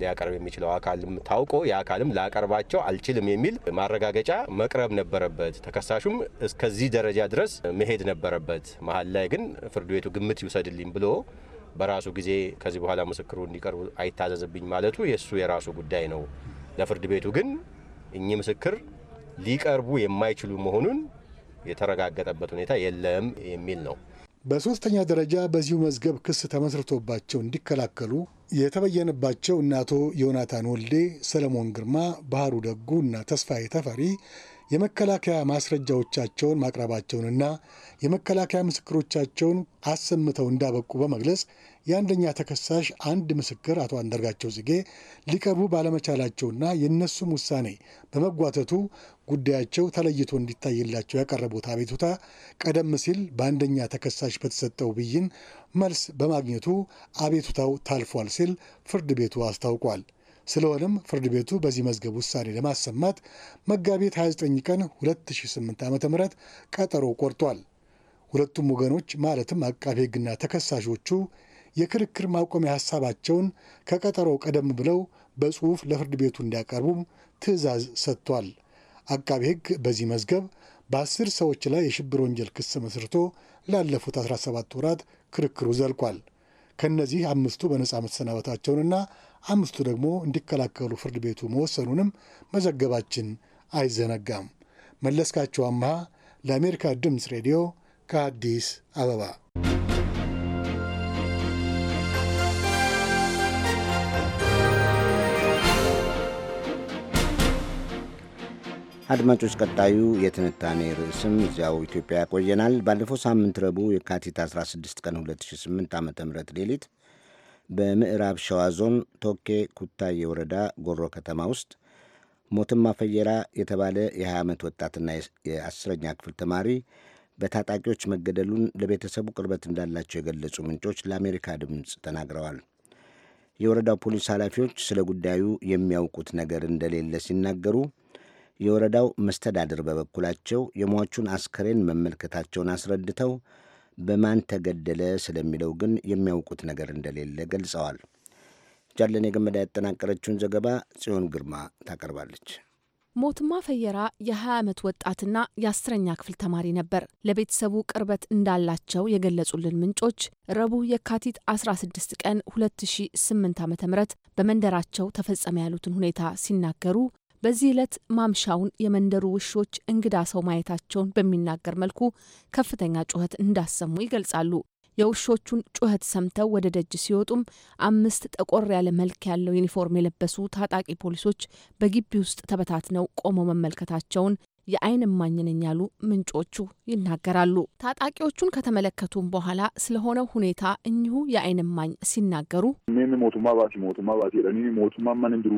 ሊያቀርብ የሚችለው አካልም ታውቆ የአካልም ላቀርባቸው አልችልም የሚል ማረጋገጫ መቅረብ ነበረበት። ተከሳሹም እስከዚህ ደረጃ ድረስ መሄድ ነበረበት። መሀል ላይ ግን ፍርድ ቤቱ ግምት ይውሰድልኝ ብሎ በራሱ ጊዜ ከዚህ በኋላ ምስክሩ እንዲቀርቡ አይታዘዝብኝ ማለቱ የእሱ የራሱ ጉዳይ ነው። ለፍርድ ቤቱ ግን እኚህ ምስክር ሊቀርቡ የማይችሉ መሆኑን የተረጋገጠበት ሁኔታ የለም የሚል ነው። በሶስተኛ ደረጃ በዚሁ መዝገብ ክስ ተመስርቶባቸው እንዲከላከሉ የተበየነባቸው እነ አቶ ዮናታን ወልዴ፣ ሰለሞን ግርማ፣ ባህሩ ደጉ እና ተስፋዬ ተፈሪ የመከላከያ ማስረጃዎቻቸውን ማቅረባቸውንና የመከላከያ ምስክሮቻቸውን አሰምተው እንዳበቁ በመግለጽ የአንደኛ ተከሳሽ አንድ ምስክር አቶ አንዳርጋቸው ጽጌ ሊቀርቡ ባለመቻላቸውና የእነሱም ውሳኔ በመጓተቱ ጉዳያቸው ተለይቶ እንዲታይላቸው ያቀረቡት አቤቱታ ቀደም ሲል በአንደኛ ተከሳሽ በተሰጠው ብይን መልስ በማግኘቱ አቤቱታው ታልፏል ሲል ፍርድ ቤቱ አስታውቋል። ስለሆነም ፍርድ ቤቱ በዚህ መዝገብ ውሳኔ ለማሰማት መጋቢት 29 ቀን 2008 ዓ ም ቀጠሮ ቆርጧል። ሁለቱም ወገኖች ማለትም አቃቤ ሕግና ተከሳሾቹ የክርክር ማቆሚያ ሀሳባቸውን ከቀጠሮው ቀደም ብለው በጽሑፍ ለፍርድ ቤቱ እንዲያቀርቡም ትዕዛዝ ሰጥቷል። አቃቤ ሕግ በዚህ መዝገብ በአስር ሰዎች ላይ የሽብር ወንጀል ክስ መስርቶ ላለፉት 17 ወራት ክርክሩ ዘልቋል። ከእነዚህ አምስቱ በነፃ መሰናበታቸውንና አምስቱ ደግሞ እንዲከላከሉ ፍርድ ቤቱ መወሰኑንም መዘገባችን አይዘነጋም። መለስካቸው አምሃ ለአሜሪካ ድምፅ ሬዲዮ ከአዲስ አበባ አድማጮች ቀጣዩ የትንታኔ ርዕስም እዚያው ኢትዮጵያ ያቆየናል። ባለፈው ሳምንት ረቡዕ የካቲት 16 ቀን 2008 ዓ ም ሌሊት በምዕራብ ሸዋ ዞን ቶኬ ኩታዬ ወረዳ ጎሮ ከተማ ውስጥ ሞትማ ፈየራ የተባለ የ20 ዓመት ወጣትና የአስረኛ ክፍል ተማሪ በታጣቂዎች መገደሉን ለቤተሰቡ ቅርበት እንዳላቸው የገለጹ ምንጮች ለአሜሪካ ድምፅ ተናግረዋል። የወረዳው ፖሊስ ኃላፊዎች ስለ ጉዳዩ የሚያውቁት ነገር እንደሌለ ሲናገሩ፣ የወረዳው መስተዳድር በበኩላቸው የሟቹን አስከሬን መመልከታቸውን አስረድተው በማን ተገደለ ስለሚለው ግን የሚያውቁት ነገር እንደሌለ ገልጸዋል። ጃለን የገመዳ ያጠናቀረችውን ዘገባ ጽዮን ግርማ ታቀርባለች። ሞትማ ፈየራ የ20 ዓመት ወጣትና የአስረኛ ክፍል ተማሪ ነበር። ለቤተሰቡ ቅርበት እንዳላቸው የገለጹልን ምንጮች ረቡዕ የካቲት 16 ቀን 2008 ዓ ም በመንደራቸው ተፈጸመ ያሉትን ሁኔታ ሲናገሩ በዚህ ዕለት ማምሻውን የመንደሩ ውሾች እንግዳ ሰው ማየታቸውን በሚናገር መልኩ ከፍተኛ ጩኸት እንዳሰሙ ይገልጻሉ። የውሾቹን ጩኸት ሰምተው ወደ ደጅ ሲወጡም አምስት ጠቆር ያለ መልክ ያለው ዩኒፎርም የለበሱ ታጣቂ ፖሊሶች በግቢ ውስጥ ተበታትነው ቆመው መመልከታቸውን የአይን እማኝ ነኝ ያሉ ምንጮቹ ይናገራሉ። ታጣቂዎቹን ከተመለከቱም በኋላ ስለሆነው ሁኔታ እኚሁ የአይን እማኝ ሲናገሩ ሞቱ ባሲ ሞቱ ባሲ ሞቱ ማን እንድሩ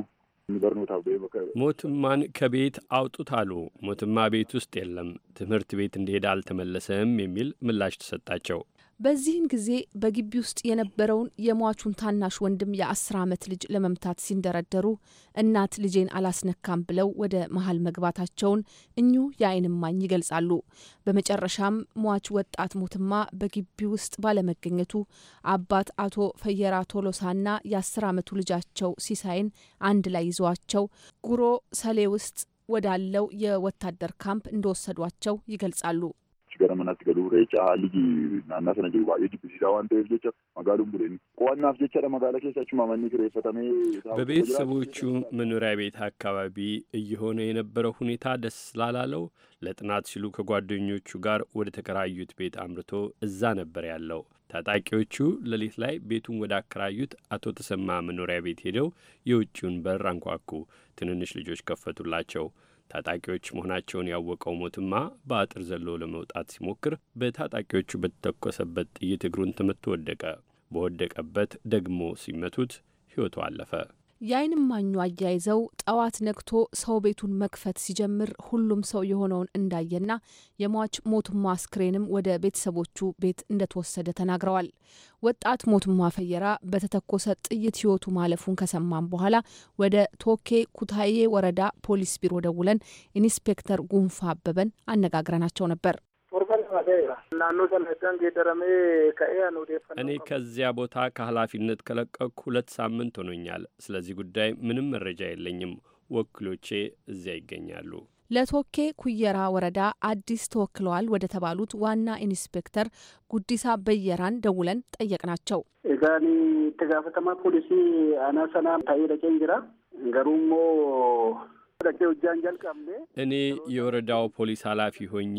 ሞትማን ከቤት አውጡት አሉ ሞትማ ቤት ውስጥ የለም፣ ትምህርት ቤት እንደሄደ አልተመለሰም የሚል ምላሽ ተሰጣቸው። በዚህን ጊዜ በግቢ ውስጥ የነበረውን የሟቹን ታናሽ ወንድም የአስር ዓመት ልጅ ለመምታት ሲንደረደሩ እናት ልጄን አላስነካም ብለው ወደ መሀል መግባታቸውን እኙ የዓይን እማኝ ይገልጻሉ። በመጨረሻም ሟች ወጣት ሞትማ በግቢ ውስጥ ባለመገኘቱ አባት አቶ ፈየራ ቶሎሳና የአስር ዓመቱ ልጃቸው ሲሳይን አንድ ላይ ይዘዋቸው ጉሮ ሰሌ ውስጥ ወዳለው የወታደር ካምፕ እንደወሰዷቸው ይገልጻሉ። gara manaatti galuu reecha haalli naannaa sana jiru baay'ee jibbisiisaa waan ta'eef jecha magaaluun buleen qo'annaaf jecha dha magaala keessa achuma manni kireeffatame በቤተሰቦቹ መኖሪያ ቤት አካባቢ እየሆነ የነበረው ሁኔታ ደስ ስላላለው ለጥናት ሲሉ ከጓደኞቹ ጋር ወደ ተከራዩት ቤት አምርቶ እዛ ነበር ያለው። ታጣቂዎቹ ሌሊት ላይ ቤቱን ወደ አከራዩት አቶ ተሰማ መኖሪያ ቤት ሄደው የውጭውን በር አንኳኩ። ትንንሽ ልጆች ከፈቱላቸው። ታጣቂዎች መሆናቸውን ያወቀው ሞትማ በአጥር ዘሎ ለመውጣት ሲሞክር በታጣቂዎቹ በተተኮሰበት ጥይት እግሩን ተመትቶ ወደቀ። በወደቀበት ደግሞ ሲመቱት ሕይወቱ አለፈ። የዓይን ማኙ አያይዘው ጠዋት ነግቶ ሰው ቤቱን መክፈት ሲጀምር ሁሉም ሰው የሆነውን እንዳየና የሟች ሞቱማ አስክሬንም ወደ ቤተሰቦቹ ቤት እንደተወሰደ ተናግረዋል። ወጣት ሞቱማ ፈየራ በተተኮሰ ጥይት ሕይወቱ ማለፉን ከሰማም በኋላ ወደ ቶኬ ኩታዬ ወረዳ ፖሊስ ቢሮ ደውለን ኢንስፔክተር ጉንፋ አበበን አነጋግረናቸው ነበር። እኔ ከዚያ ቦታ ከኃላፊነት ከለቀቅኩ ሁለት ሳምንት ሆኖኛል። ስለዚህ ጉዳይ ምንም መረጃ የለኝም። ወኪሎቼ እዚያ ይገኛሉ። ለቶኬ ኩየራ ወረዳ አዲስ ተወክለዋል ወደ ተባሉት ዋና ኢንስፔክተር ጉዲሳ በየራን ደውለን ጠየቅናቸው። እዛኒ ተጋፈተማ ፖሊሲ አናሰና ታይ ደቄ እንጅራ ገሩሞ እኔ የወረዳው ፖሊስ ኃላፊ ሆኜ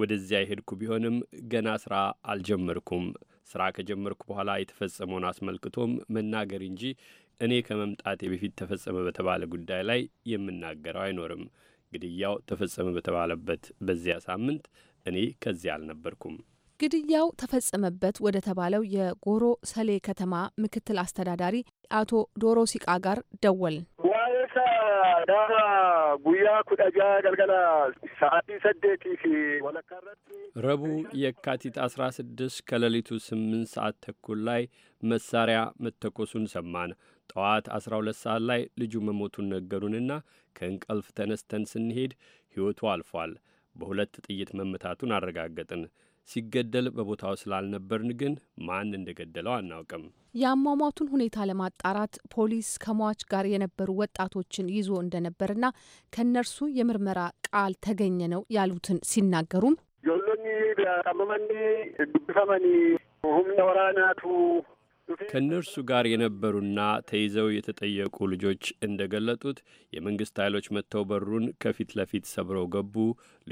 ወደዚያ የሄድኩ ቢሆንም ገና ስራ አልጀመርኩም። ስራ ከጀመርኩ በኋላ የተፈጸመውን አስመልክቶም መናገር እንጂ እኔ ከመምጣቴ በፊት ተፈጸመ በተባለ ጉዳይ ላይ የምናገረው አይኖርም። ግድያው ተፈጸመ በተባለበት በዚያ ሳምንት እኔ ከዚያ አልነበርኩም። ግድያው ተፈጸመበት ወደ ተባለው የጎሮ ሰሌ ከተማ ምክትል አስተዳዳሪ አቶ ዶሮ ሲቃ ጋር ደወልን። ዳራ ጉያ ረቡዕ የካቲት አስራ ስድስት ከሌሊቱ ስምንት ሰዓት ተኩል ላይ መሳሪያ መተኮሱን ሰማን። ጠዋት አስራ ሁለት ሰዓት ላይ ልጁ መሞቱን ነገሩንና ከእንቅልፍ ተነስተን ስንሄድ ሕይወቱ አልፏል። በሁለት ጥይት መመታቱን አረጋገጥን። ሲገደል በቦታው ስላልነበርን ግን ማን እንደገደለው አናውቅም። የአሟሟቱን ሁኔታ ለማጣራት ፖሊስ ከሟች ጋር የነበሩ ወጣቶችን ይዞ እንደነበርና ከእነርሱ የምርመራ ቃል ተገኘ ነው ያሉትን ሲናገሩም ጆሎኒ ቀመመኒ ዱብሰመኒ ሁምነ ወራናቱ ከእነርሱ ጋር የነበሩና ተይዘው የተጠየቁ ልጆች እንደ ገለጡት የመንግሥት ኃይሎች መጥተው በሩን ከፊት ለፊት ሰብረው ገቡ።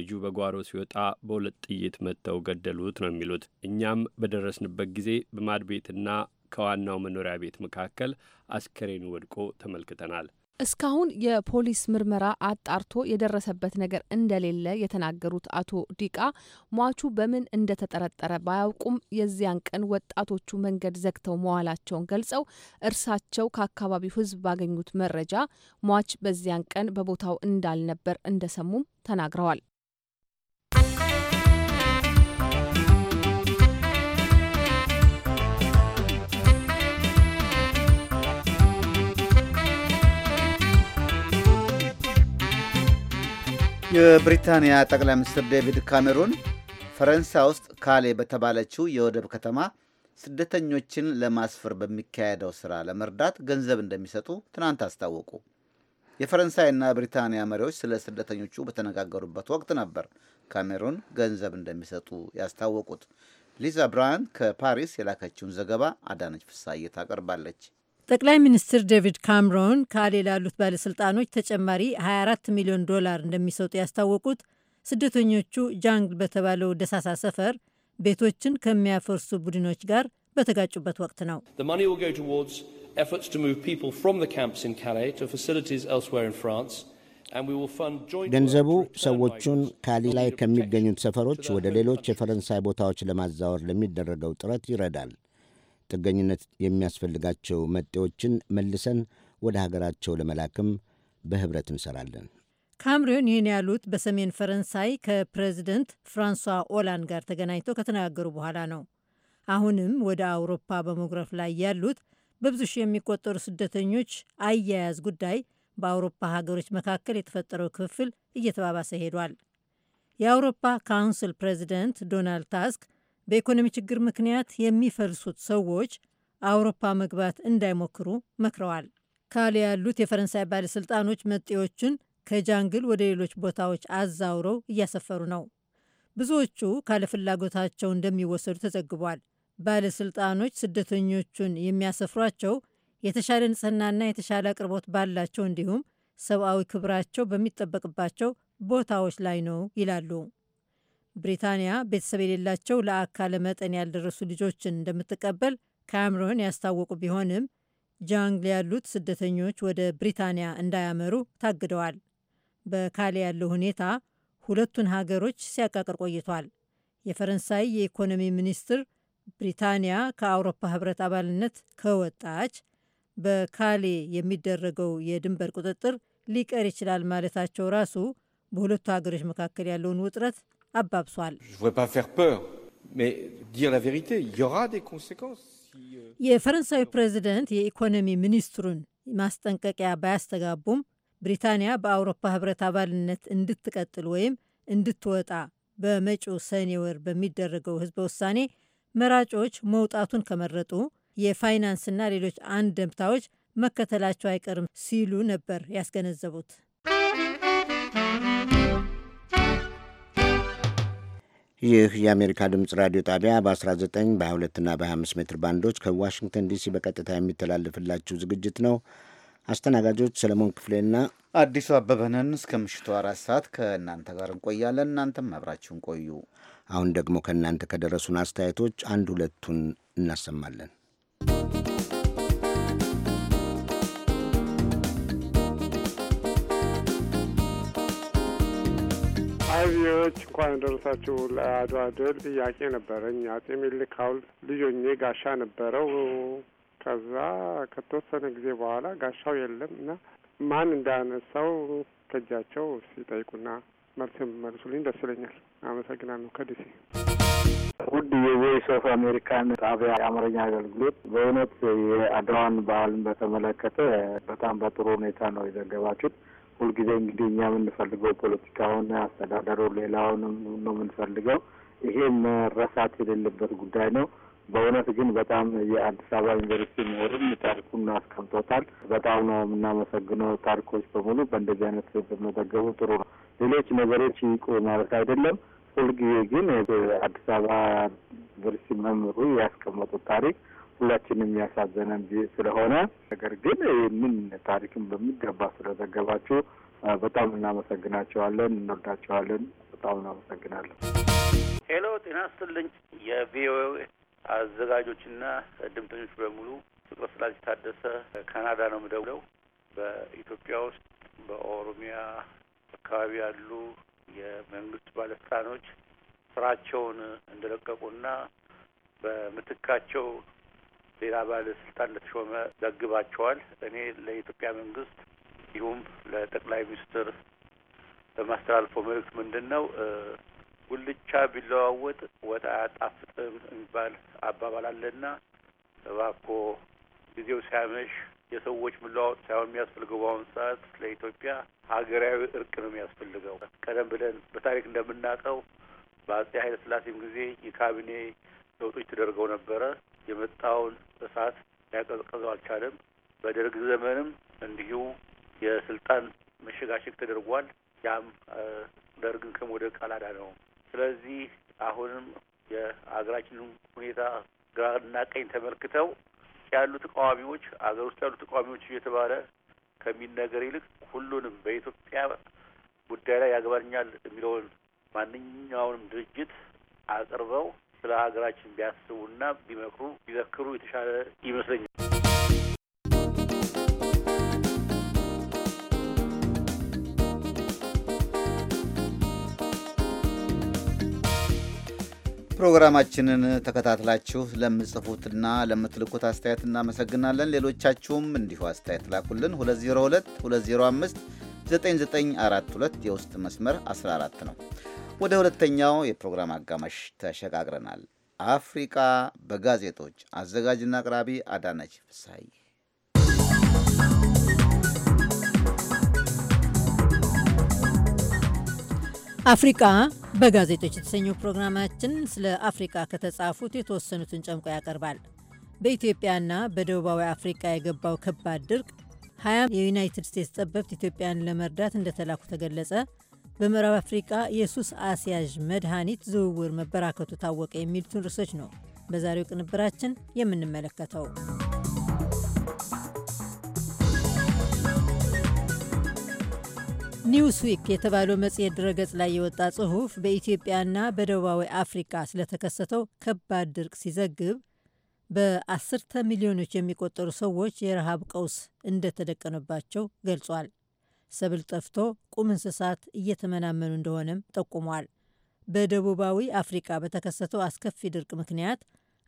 ልጁ በጓሮ ሲወጣ በሁለት ጥይት መጥተው ገደሉት ነው የሚሉት። እኛም በደረስንበት ጊዜ በማድ ቤትና ከዋናው መኖሪያ ቤት መካከል አስከሬን ወድቆ ተመልክተናል። እስካሁን የፖሊስ ምርመራ አጣርቶ የደረሰበት ነገር እንደሌለ የተናገሩት አቶ ዲቃ ሟቹ በምን እንደተጠረጠረ ባያውቁም የዚያን ቀን ወጣቶቹ መንገድ ዘግተው መዋላቸውን ገልጸው እርሳቸው ከአካባቢው ሕዝብ ባገኙት መረጃ ሟች በዚያን ቀን በቦታው እንዳልነበር እንደሰሙም ተናግረዋል። የብሪታንያ ጠቅላይ ሚኒስትር ዴቪድ ካሜሩን ፈረንሳይ ውስጥ ካሌ በተባለችው የወደብ ከተማ ስደተኞችን ለማስፈር በሚካሄደው ሥራ ለመርዳት ገንዘብ እንደሚሰጡ ትናንት አስታወቁ። የፈረንሳይና ብሪታንያ መሪዎች ስለ ስደተኞቹ በተነጋገሩበት ወቅት ነበር ካሜሩን ገንዘብ እንደሚሰጡ ያስታወቁት። ሊዛ ብራያን ከፓሪስ የላከችውን ዘገባ አዳነች ፍሳዬ ታቀርባለች። ጠቅላይ ሚኒስትር ዴቪድ ካምሮን ካሌ ላሉት ባለሥልጣኖች ተጨማሪ 24 ሚሊዮን ዶላር እንደሚሰጡ ያስታወቁት ስደተኞቹ ጃንግል በተባለው ደሳሳ ሰፈር ቤቶችን ከሚያፈርሱ ቡድኖች ጋር በተጋጩበት ወቅት ነው። ገንዘቡ ሰዎቹን ካሊ ላይ ከሚገኙት ሰፈሮች ወደ ሌሎች የፈረንሳይ ቦታዎች ለማዛወር ለሚደረገው ጥረት ይረዳል። ጥገኝነት የሚያስፈልጋቸው መጤዎችን መልሰን ወደ ሀገራቸው ለመላክም በህብረት እንሰራለን። ካምሪዮን ይህን ያሉት በሰሜን ፈረንሳይ ከፕሬዚደንት ፍራንሷ ኦላንድ ጋር ተገናኝተው ከተነጋገሩ በኋላ ነው። አሁንም ወደ አውሮፓ በመጉረፍ ላይ ያሉት በብዙ ሺህ የሚቆጠሩ ስደተኞች አያያዝ ጉዳይ በአውሮፓ ሀገሮች መካከል የተፈጠረው ክፍፍል እየተባባሰ ሄዷል። የአውሮፓ ካውንስል ፕሬዚደንት ዶናልድ ታስክ በኢኮኖሚ ችግር ምክንያት የሚፈልሱት ሰዎች አውሮፓ መግባት እንዳይሞክሩ መክረዋል። ካል ያሉት የፈረንሳይ ባለሥልጣኖች መጤዎቹን ከጃንግል ወደ ሌሎች ቦታዎች አዛውረው እያሰፈሩ ነው። ብዙዎቹ ካለፍላጎታቸው እንደሚወሰዱ ተዘግቧል። ባለሥልጣኖች ስደተኞቹን የሚያሰፍሯቸው የተሻለ ንጽህናና የተሻለ አቅርቦት ባላቸው እንዲሁም ሰብአዊ ክብራቸው በሚጠበቅባቸው ቦታዎች ላይ ነው ይላሉ። ብሪታንያ ቤተሰብ የሌላቸው ለአካለ መጠን ያልደረሱ ልጆችን እንደምትቀበል ካምሮን ያስታወቁ ቢሆንም ጃንግል ያሉት ስደተኞች ወደ ብሪታንያ እንዳያመሩ ታግደዋል። በካሌ ያለው ሁኔታ ሁለቱን ሀገሮች ሲያቃቅር ቆይቷል። የፈረንሳይ የኢኮኖሚ ሚኒስትር ብሪታንያ ከአውሮፓ ሕብረት አባልነት ከወጣች በካሌ የሚደረገው የድንበር ቁጥጥር ሊቀር ይችላል ማለታቸው ራሱ በሁለቱ ሀገሮች መካከል ያለውን ውጥረት አባብሷል። euh, የፈረንሳዩ ፕሬዚደንት የኢኮኖሚ ሚኒስትሩን ማስጠንቀቂያ ባያስተጋቡም ብሪታንያ በአውሮፓ ህብረት አባልነት እንድትቀጥል ወይም እንድትወጣ በመጪው ሰኔ ወር በሚደረገው ህዝበ ውሳኔ መራጮች መውጣቱን ከመረጡ የፋይናንስና ሌሎች አንድምታዎች መከተላቸው አይቀርም ሲሉ ነበር ያስገነዘቡት። ይህ የአሜሪካ ድምፅ ራዲዮ ጣቢያ በ19 በ22 እና በ25 ሜትር ባንዶች ከዋሽንግተን ዲሲ በቀጥታ የሚተላለፍላችሁ ዝግጅት ነው። አስተናጋጆች ሰለሞን ክፍሌና አዲሱ አበበንን እስከ ምሽቱ አራት ሰዓት ከእናንተ ጋር እንቆያለን። እናንተም አብራችሁን ቆዩ። አሁን ደግሞ ከእናንተ ከደረሱን አስተያየቶች አንድ ሁለቱን እናሰማለን። አይቪዎች እንኳን ደረሳችሁ ለአድዋ ድል ጥያቄ ነበረኝ። አጼ ምኒልክ ሐውልት ልጆኜ ጋሻ ነበረው። ከዛ ከተወሰነ ጊዜ በኋላ ጋሻው የለም እና ማን እንዳነሳው ከእጃቸው ሲጠይቁና መልስ መልሱልኝ ደስ ይለኛል። አመሰግናለሁ። ከዲሲ ውድ የቮይስ ኦፍ አሜሪካን ጣቢያ የአማርኛ አገልግሎት በእውነት የአድዋን በዓልን በተመለከተ በጣም በጥሩ ሁኔታ ነው የዘገባችሁት። ሁልጊዜ እንግዲህ እኛ የምንፈልገው ፖለቲካውን፣ አስተዳደሩ፣ ሌላውንም ነው የምንፈልገው። ይሄ መረሳት የሌለበት ጉዳይ ነው። በእውነት ግን በጣም የአዲስ አበባ ዩኒቨርሲቲ ምሁርም ታሪኩን አስቀምጦታል። በጣም ነው የምናመሰግነው። ታሪኮች በሙሉ በእንደዚህ አይነት በመዘገቡ ጥሩ ነው። ሌሎች ነገሮች ይቁ ማለት አይደለም። ሁልጊዜ ግን አዲስ አበባ ዩኒቨርሲቲ መምህሩ ያስቀመጡት ታሪክ ሁላችንም የሚያሳዘነን ስለሆነ ነገር ግን ይህንን ታሪክን በሚገባ ስለዘገባችሁ በጣም እናመሰግናቸዋለን፣ እንወዳቸዋለን። በጣም እናመሰግናለን። ሄሎ፣ ጤና ይስጥልኝ የቪኦኤ አዘጋጆችና ድምተኞች በሙሉ ፍቅረ ስላሴ ታደሰ ካናዳ ነው የምደውለው። በኢትዮጵያ ውስጥ በኦሮሚያ አካባቢ ያሉ የመንግስት ባለስልጣኖች ስራቸውን እንደለቀቁና በምትካቸው ሌላ ባለስልጣን ለተሾመ ዘግባቸዋል። እኔ ለኢትዮጵያ መንግስት ይሁም ለጠቅላይ ሚኒስትር በማስተላልፎ መልእክት ምንድን ነው ጉልቻ ቢለዋወጥ ወጥ አያጣፍጥም የሚባል አባባል አለና እባክዎ ጊዜው ሲያመሽ የሰዎች መለዋወጥ ሳይሆን የሚያስፈልገው በአሁኑ ሰዓት ለኢትዮጵያ ሀገራዊ እርቅ ነው የሚያስፈልገው። ቀደም ብለን በታሪክ እንደምናውቀው በአጼ ኃይለ ስላሴም ጊዜ የካቢኔ ለውጦች ተደርገው ነበረ። የመጣውን እሳት ሊያቀዘቅዘው አልቻለም። በደርግ ዘመንም እንዲሁ የስልጣን መሸጋሸግ ተደርጓል። ያም ደርግን ከመውደቅ አላዳነውም። ስለዚህ አሁንም የአገራችን ሁኔታ ግራና ቀኝ ተመልክተው ያሉ ተቃዋሚዎች አገር ውስጥ ያሉ ተቃዋሚዎች እየተባለ ከሚነገር ይልቅ ሁሉንም በኢትዮጵያ ጉዳይ ላይ ያገባኛል የሚለውን ማንኛውንም ድርጅት አቅርበው ስለ ሀገራችን ቢያስቡና ቢመክሩ ቢዘክሩ የተሻለ ይመስለኛል። ፕሮግራማችንን ተከታትላችሁ ለምጽፉትና ለምትልኩት አስተያየት እናመሰግናለን። ሌሎቻችሁም እንዲሁ አስተያየት ላኩልን። 202 205 9942 የውስጥ መስመር 14 ነው። ወደ ሁለተኛው የፕሮግራም አጋማሽ ተሸጋግረናል። አፍሪቃ በጋዜጦች አዘጋጅና አቅራቢ አዳነች ፍሳይ አፍሪቃ በጋዜጦች የተሰኘው ፕሮግራማችን ስለ አፍሪቃ ከተጻፉት የተወሰኑትን ጨምቆ ያቀርባል። በኢትዮጵያና በደቡባዊ አፍሪቃ የገባው ከባድ ድርቅ ሀያ የዩናይትድ ስቴትስ ጠበብት ኢትዮጵያን ለመርዳት እንደተላኩ ተገለጸ። በምዕራብ አፍሪቃ የሱስ አስያዥ መድኃኒት ዝውውር መበራከቱ ታወቀ የሚሉትን ርዕሶች ነው በዛሬው ቅንብራችን የምንመለከተው። ኒውስዊክ የተባለው መጽሔት ድረገጽ ላይ የወጣ ጽሑፍ በኢትዮጵያና በደቡባዊ አፍሪካ ስለተከሰተው ከባድ ድርቅ ሲዘግብ በአስርተ ሚሊዮኖች የሚቆጠሩ ሰዎች የረሃብ ቀውስ እንደተደቀነባቸው ገልጿል። ሰብል ጠፍቶ ቁም እንስሳት እየተመናመኑ እንደሆነም ጠቁሟል። በደቡባዊ አፍሪካ በተከሰተው አስከፊ ድርቅ ምክንያት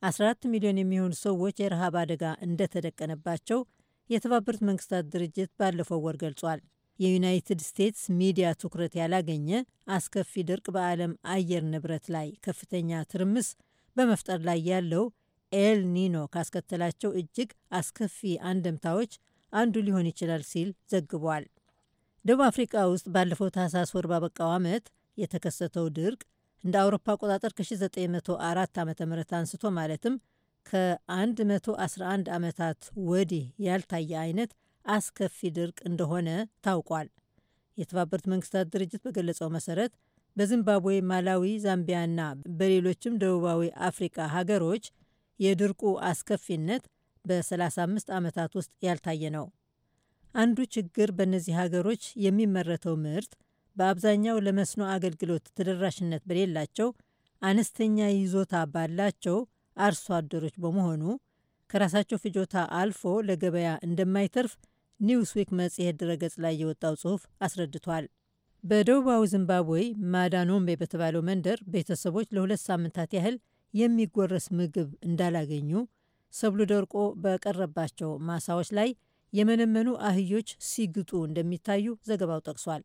14 ሚሊዮን የሚሆኑ ሰዎች የረሃብ አደጋ እንደተደቀነባቸው የተባበሩት መንግስታት ድርጅት ባለፈው ወር ገልጿል። የዩናይትድ ስቴትስ ሚዲያ ትኩረት ያላገኘ አስከፊ ድርቅ በዓለም አየር ንብረት ላይ ከፍተኛ ትርምስ በመፍጠር ላይ ያለው ኤል ኒኖ ካስከተላቸው እጅግ አስከፊ አንደምታዎች አንዱ ሊሆን ይችላል ሲል ዘግቧል። ደቡብ አፍሪቃ ውስጥ ባለፈው ታህሳስ ወር ባበቃው ዓመት የተከሰተው ድርቅ እንደ አውሮፓ አቆጣጠር ከ1904 ዓ ም አንስቶ ማለትም ከ111 ዓመታት ወዲህ ያልታየ አይነት አስከፊ ድርቅ እንደሆነ ታውቋል። የተባበሩት መንግስታት ድርጅት በገለጸው መሰረት በዚምባብዌ፣ ማላዊ፣ ዛምቢያና በሌሎችም ደቡባዊ አፍሪካ ሀገሮች የድርቁ አስከፊነት በ35 ዓመታት ውስጥ ያልታየ ነው። አንዱ ችግር በእነዚህ ሀገሮች የሚመረተው ምርት በአብዛኛው ለመስኖ አገልግሎት ተደራሽነት በሌላቸው አነስተኛ ይዞታ ባላቸው አርሶ አደሮች በመሆኑ ከራሳቸው ፍጆታ አልፎ ለገበያ እንደማይተርፍ ኒውስዊክ መጽሔት ድረገጽ ላይ የወጣው ጽሑፍ አስረድቷል። በደቡባዊ ዚምባብዌ ማዳኖምቤ በተባለው መንደር ቤተሰቦች ለሁለት ሳምንታት ያህል የሚጎረስ ምግብ እንዳላገኙ ሰብሉ ደርቆ በቀረባቸው ማሳዎች ላይ የመነመኑ አህዮች ሲግጡ እንደሚታዩ ዘገባው ጠቅሷል።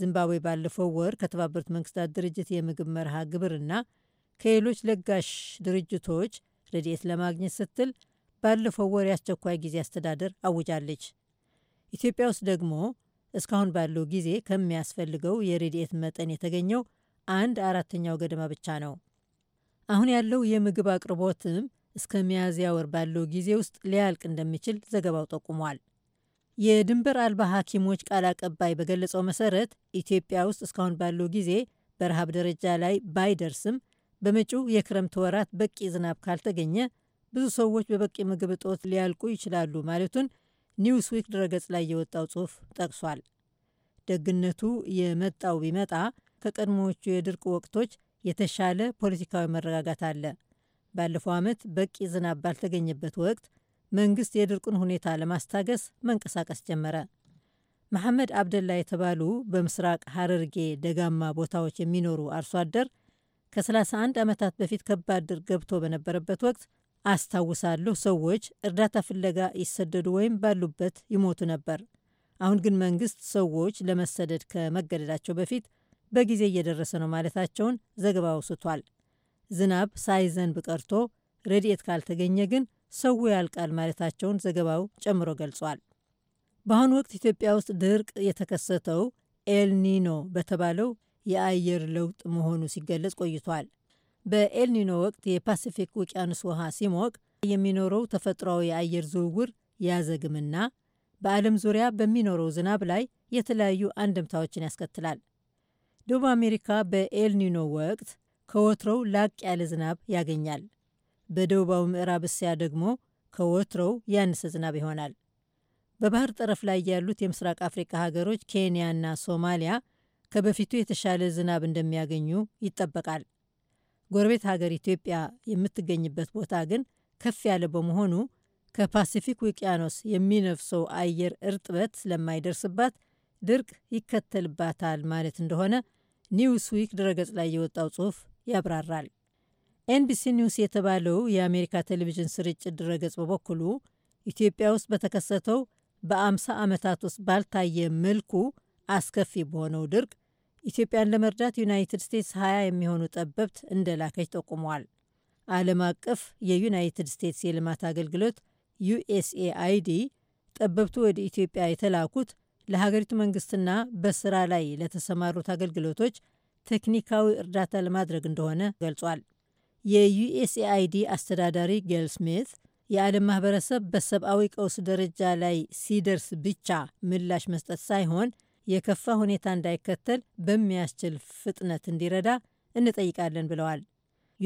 ዚምባብዌ ባለፈው ወር ከተባበሩት መንግስታት ድርጅት የምግብ መርሃ ግብርና ከሌሎች ለጋሽ ድርጅቶች ረድኤት ለማግኘት ስትል ባለፈው ወር የአስቸኳይ ጊዜ አስተዳደር አውጃለች። ኢትዮጵያ ውስጥ ደግሞ እስካሁን ባለው ጊዜ ከሚያስፈልገው የረድኤት መጠን የተገኘው አንድ አራተኛው ገደማ ብቻ ነው። አሁን ያለው የምግብ አቅርቦትም እስከ ሚያዝያ ወር ባለው ጊዜ ውስጥ ሊያልቅ እንደሚችል ዘገባው ጠቁሟል። የድንበር አልባ ሐኪሞች ቃል አቀባይ በገለጸው መሰረት ኢትዮጵያ ውስጥ እስካሁን ባለው ጊዜ በረሃብ ደረጃ ላይ ባይደርስም በመጪው የክረምት ወራት በቂ ዝናብ ካልተገኘ ብዙ ሰዎች በበቂ ምግብ እጦት ሊያልቁ ይችላሉ ማለቱን ኒውስዊክ ድረገጽ ላይ የወጣው ጽሑፍ ጠቅሷል። ደግነቱ የመጣው ቢመጣ ከቀድሞዎቹ የድርቅ ወቅቶች የተሻለ ፖለቲካዊ መረጋጋት አለ። ባለፈው ዓመት በቂ ዝናብ ባልተገኘበት ወቅት መንግስት የድርቁን ሁኔታ ለማስታገስ መንቀሳቀስ ጀመረ። መሐመድ አብደላ የተባሉ በምስራቅ ሐረርጌ ደጋማ ቦታዎች የሚኖሩ አርሶ አደር ከ31 ዓመታት በፊት ከባድ ድርቅ ገብቶ በነበረበት ወቅት አስታውሳለሁ፣ ሰዎች እርዳታ ፍለጋ ይሰደዱ ወይም ባሉበት ይሞቱ ነበር። አሁን ግን መንግስት ሰዎች ለመሰደድ ከመገደዳቸው በፊት በጊዜ እየደረሰ ነው ማለታቸውን ዘገባ አውስቷል። ዝናብ ሳይዘንብ ቀርቶ ረድኤት ካልተገኘ ግን ሰው ያልቃል ማለታቸውን ዘገባው ጨምሮ ገልጿል። በአሁኑ ወቅት ኢትዮጵያ ውስጥ ድርቅ የተከሰተው ኤልኒኖ በተባለው የአየር ለውጥ መሆኑ ሲገለጽ ቆይቷል። በኤልኒኖ ወቅት የፓሲፊክ ውቅያኖስ ውሃ ሲሞቅ የሚኖረው ተፈጥሯዊ የአየር ዝውውር ያዘግምና በዓለም ዙሪያ በሚኖረው ዝናብ ላይ የተለያዩ አንድምታዎችን ያስከትላል። ደቡብ አሜሪካ በኤልኒኖ ወቅት ከወትሮው ላቅ ያለ ዝናብ ያገኛል። በደቡባዊ ምዕራብ እስያ ደግሞ ከወትሮው ያነሰ ዝናብ ይሆናል። በባህር ጠረፍ ላይ ያሉት የምስራቅ አፍሪካ ሀገሮች ኬንያና ሶማሊያ ከበፊቱ የተሻለ ዝናብ እንደሚያገኙ ይጠበቃል። ጎረቤት ሀገር ኢትዮጵያ የምትገኝበት ቦታ ግን ከፍ ያለ በመሆኑ ከፓሲፊክ ውቅያኖስ የሚነፍሰው አየር እርጥበት ስለማይደርስባት ድርቅ ይከተልባታል ማለት እንደሆነ ኒውስዊክ ድረገጽ ላይ የወጣው ጽሑፍ ያብራራል። ኤንቢሲ ኒውስ የተባለው የአሜሪካ ቴሌቪዥን ስርጭት ድረገጽ በበኩሉ ኢትዮጵያ ውስጥ በተከሰተው በአምሳ ዓመታት ውስጥ ባልታየ መልኩ አስከፊ በሆነው ድርቅ ኢትዮጵያን ለመርዳት ዩናይትድ ስቴትስ 20 የሚሆኑ ጠበብት እንደላከች ጠቁመዋል። ዓለም አቀፍ የዩናይትድ ስቴትስ የልማት አገልግሎት ዩኤስኤአይዲ ጠበብቱ ወደ ኢትዮጵያ የተላኩት ለሀገሪቱ መንግስትና በስራ ላይ ለተሰማሩት አገልግሎቶች ቴክኒካዊ እርዳታ ለማድረግ እንደሆነ ገልጿል። የዩኤስኤአይዲ አስተዳዳሪ ጌል ስሚት የዓለም ማህበረሰብ በሰብአዊ ቀውስ ደረጃ ላይ ሲደርስ ብቻ ምላሽ መስጠት ሳይሆን የከፋ ሁኔታ እንዳይከተል በሚያስችል ፍጥነት እንዲረዳ እንጠይቃለን ብለዋል።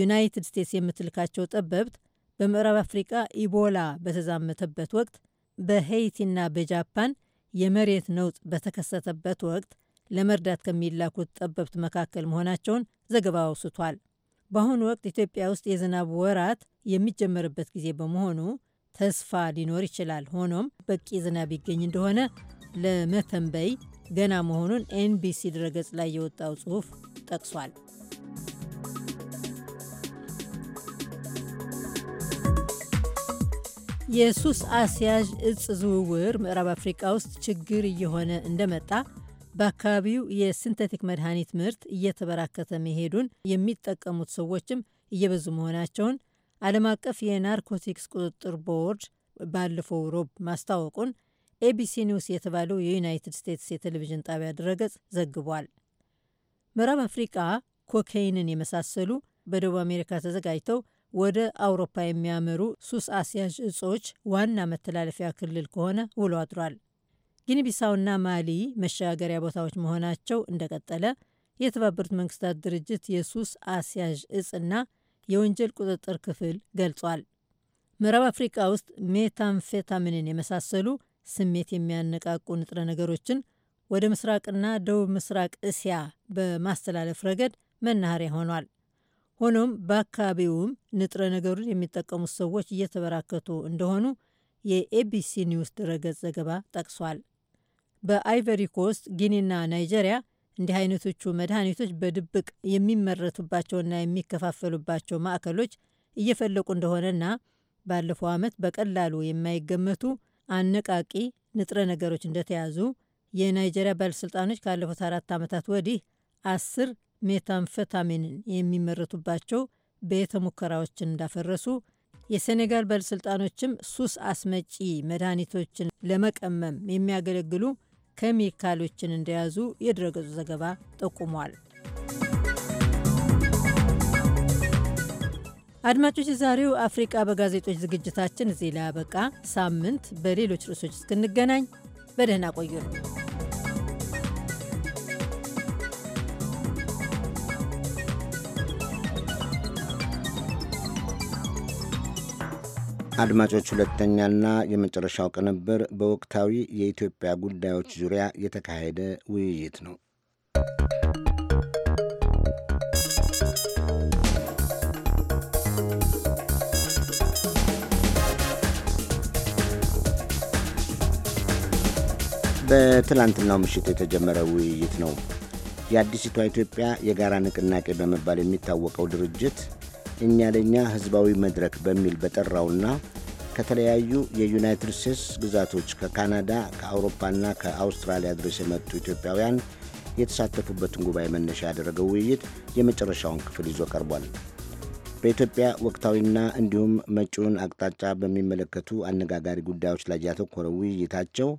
ዩናይትድ ስቴትስ የምትልካቸው ጠበብት በምዕራብ አፍሪቃ ኢቦላ በተዛመተበት ወቅት፣ በሄይቲና በጃፓን የመሬት ነውጥ በተከሰተበት ወቅት ለመርዳት ከሚላኩት ጠበብት መካከል መሆናቸውን ዘገባው አውስቷል። በአሁኑ ወቅት ኢትዮጵያ ውስጥ የዝናብ ወራት የሚጀመርበት ጊዜ በመሆኑ ተስፋ ሊኖር ይችላል። ሆኖም በቂ ዝናብ ይገኝ እንደሆነ ለመተንበይ ገና መሆኑን ኤንቢሲ ድረገጽ ላይ የወጣው ጽሑፍ ጠቅሷል። የሱስ አስያዥ እጽ ዝውውር ምዕራብ አፍሪቃ ውስጥ ችግር እየሆነ እንደመጣ በአካባቢው የሲንተቲክ መድኃኒት ምርት እየተበራከተ መሄዱን፣ የሚጠቀሙት ሰዎችም እየበዙ መሆናቸውን ዓለም አቀፍ የናርኮቲክስ ቁጥጥር ቦርድ ባለፈው ሮብ ማስታወቁን ኤቢሲ ኒውስ የተባለው የዩናይትድ ስቴትስ የቴሌቪዥን ጣቢያ ድረገጽ ዘግቧል። ምዕራብ አፍሪቃ ኮካይንን የመሳሰሉ በደቡብ አሜሪካ ተዘጋጅተው ወደ አውሮፓ የሚያመሩ ሱስ አስያዥ እጾች ዋና መተላለፊያ ክልል ከሆነ ውሎ አድሯል። ጊኒቢሳውና ማሊ መሸጋገሪያ ቦታዎች መሆናቸው እንደቀጠለ የተባበሩት መንግስታት ድርጅት የሱስ አስያዥ እጽና የወንጀል ቁጥጥር ክፍል ገልጿል። ምዕራብ አፍሪካ ውስጥ ሜታምፌታምንን የመሳሰሉ ስሜት የሚያነቃቁ ንጥረ ነገሮችን ወደ ምስራቅና ደቡብ ምስራቅ እስያ በማስተላለፍ ረገድ መናኸሪያ ሆኗል። ሆኖም በአካባቢውም ንጥረ ነገሩን የሚጠቀሙት ሰዎች እየተበራከቱ እንደሆኑ የኤቢሲ ኒውስ ድረገጽ ዘገባ ጠቅሷል። በአይቨሪ ኮስት፣ ጊኒና ናይጄሪያ እንዲህ አይነቶቹ መድኃኒቶች በድብቅ የሚመረቱባቸውና የሚከፋፈሉባቸው ማዕከሎች እየፈለቁ እንደሆነና ባለፈው ዓመት በቀላሉ የማይገመቱ አነቃቂ ንጥረ ነገሮች እንደተያዙ የናይጀሪያ ባለሥልጣኖች ካለፉት አራት ዓመታት ወዲህ አስር ሜታምፌታሚንን የሚመረቱባቸው ቤተ ሙከራዎችን እንዳፈረሱ የሴኔጋል ባለሥልጣኖችም ሱስ አስመጪ መድኃኒቶችን ለመቀመም የሚያገለግሉ ኬሚካሎችን እንደያዙ የድረገጹ ዘገባ ጠቁሟል። አድማጮች፣ የዛሬው አፍሪቃ በጋዜጦች ዝግጅታችን እዚህ ላይ ያበቃ። ሳምንት በሌሎች ርዕሶች እስክንገናኝ በደህና ቆዩ ነው። አድማጮች ሁለተኛና የመጨረሻው ቅንብር በወቅታዊ የኢትዮጵያ ጉዳዮች ዙሪያ የተካሄደ ውይይት ነው። በትላንትናው ምሽት የተጀመረ ውይይት ነው። የአዲሲቷ ኢትዮጵያ የጋራ ንቅናቄ በመባል የሚታወቀው ድርጅት እኛ ለእኛ ሕዝባዊ መድረክ በሚል በጠራውና ከተለያዩ የዩናይትድ ስቴትስ ግዛቶች ከካናዳ፣ ከአውሮፓና ከአውስትራሊያ ድረስ የመጡ ኢትዮጵያውያን የተሳተፉበትን ጉባኤ መነሻ ያደረገው ውይይት የመጨረሻውን ክፍል ይዞ ቀርቧል። በኢትዮጵያ ወቅታዊና እንዲሁም መጪውን አቅጣጫ በሚመለከቱ አነጋጋሪ ጉዳዮች ላይ ያተኮረ ውይይታቸው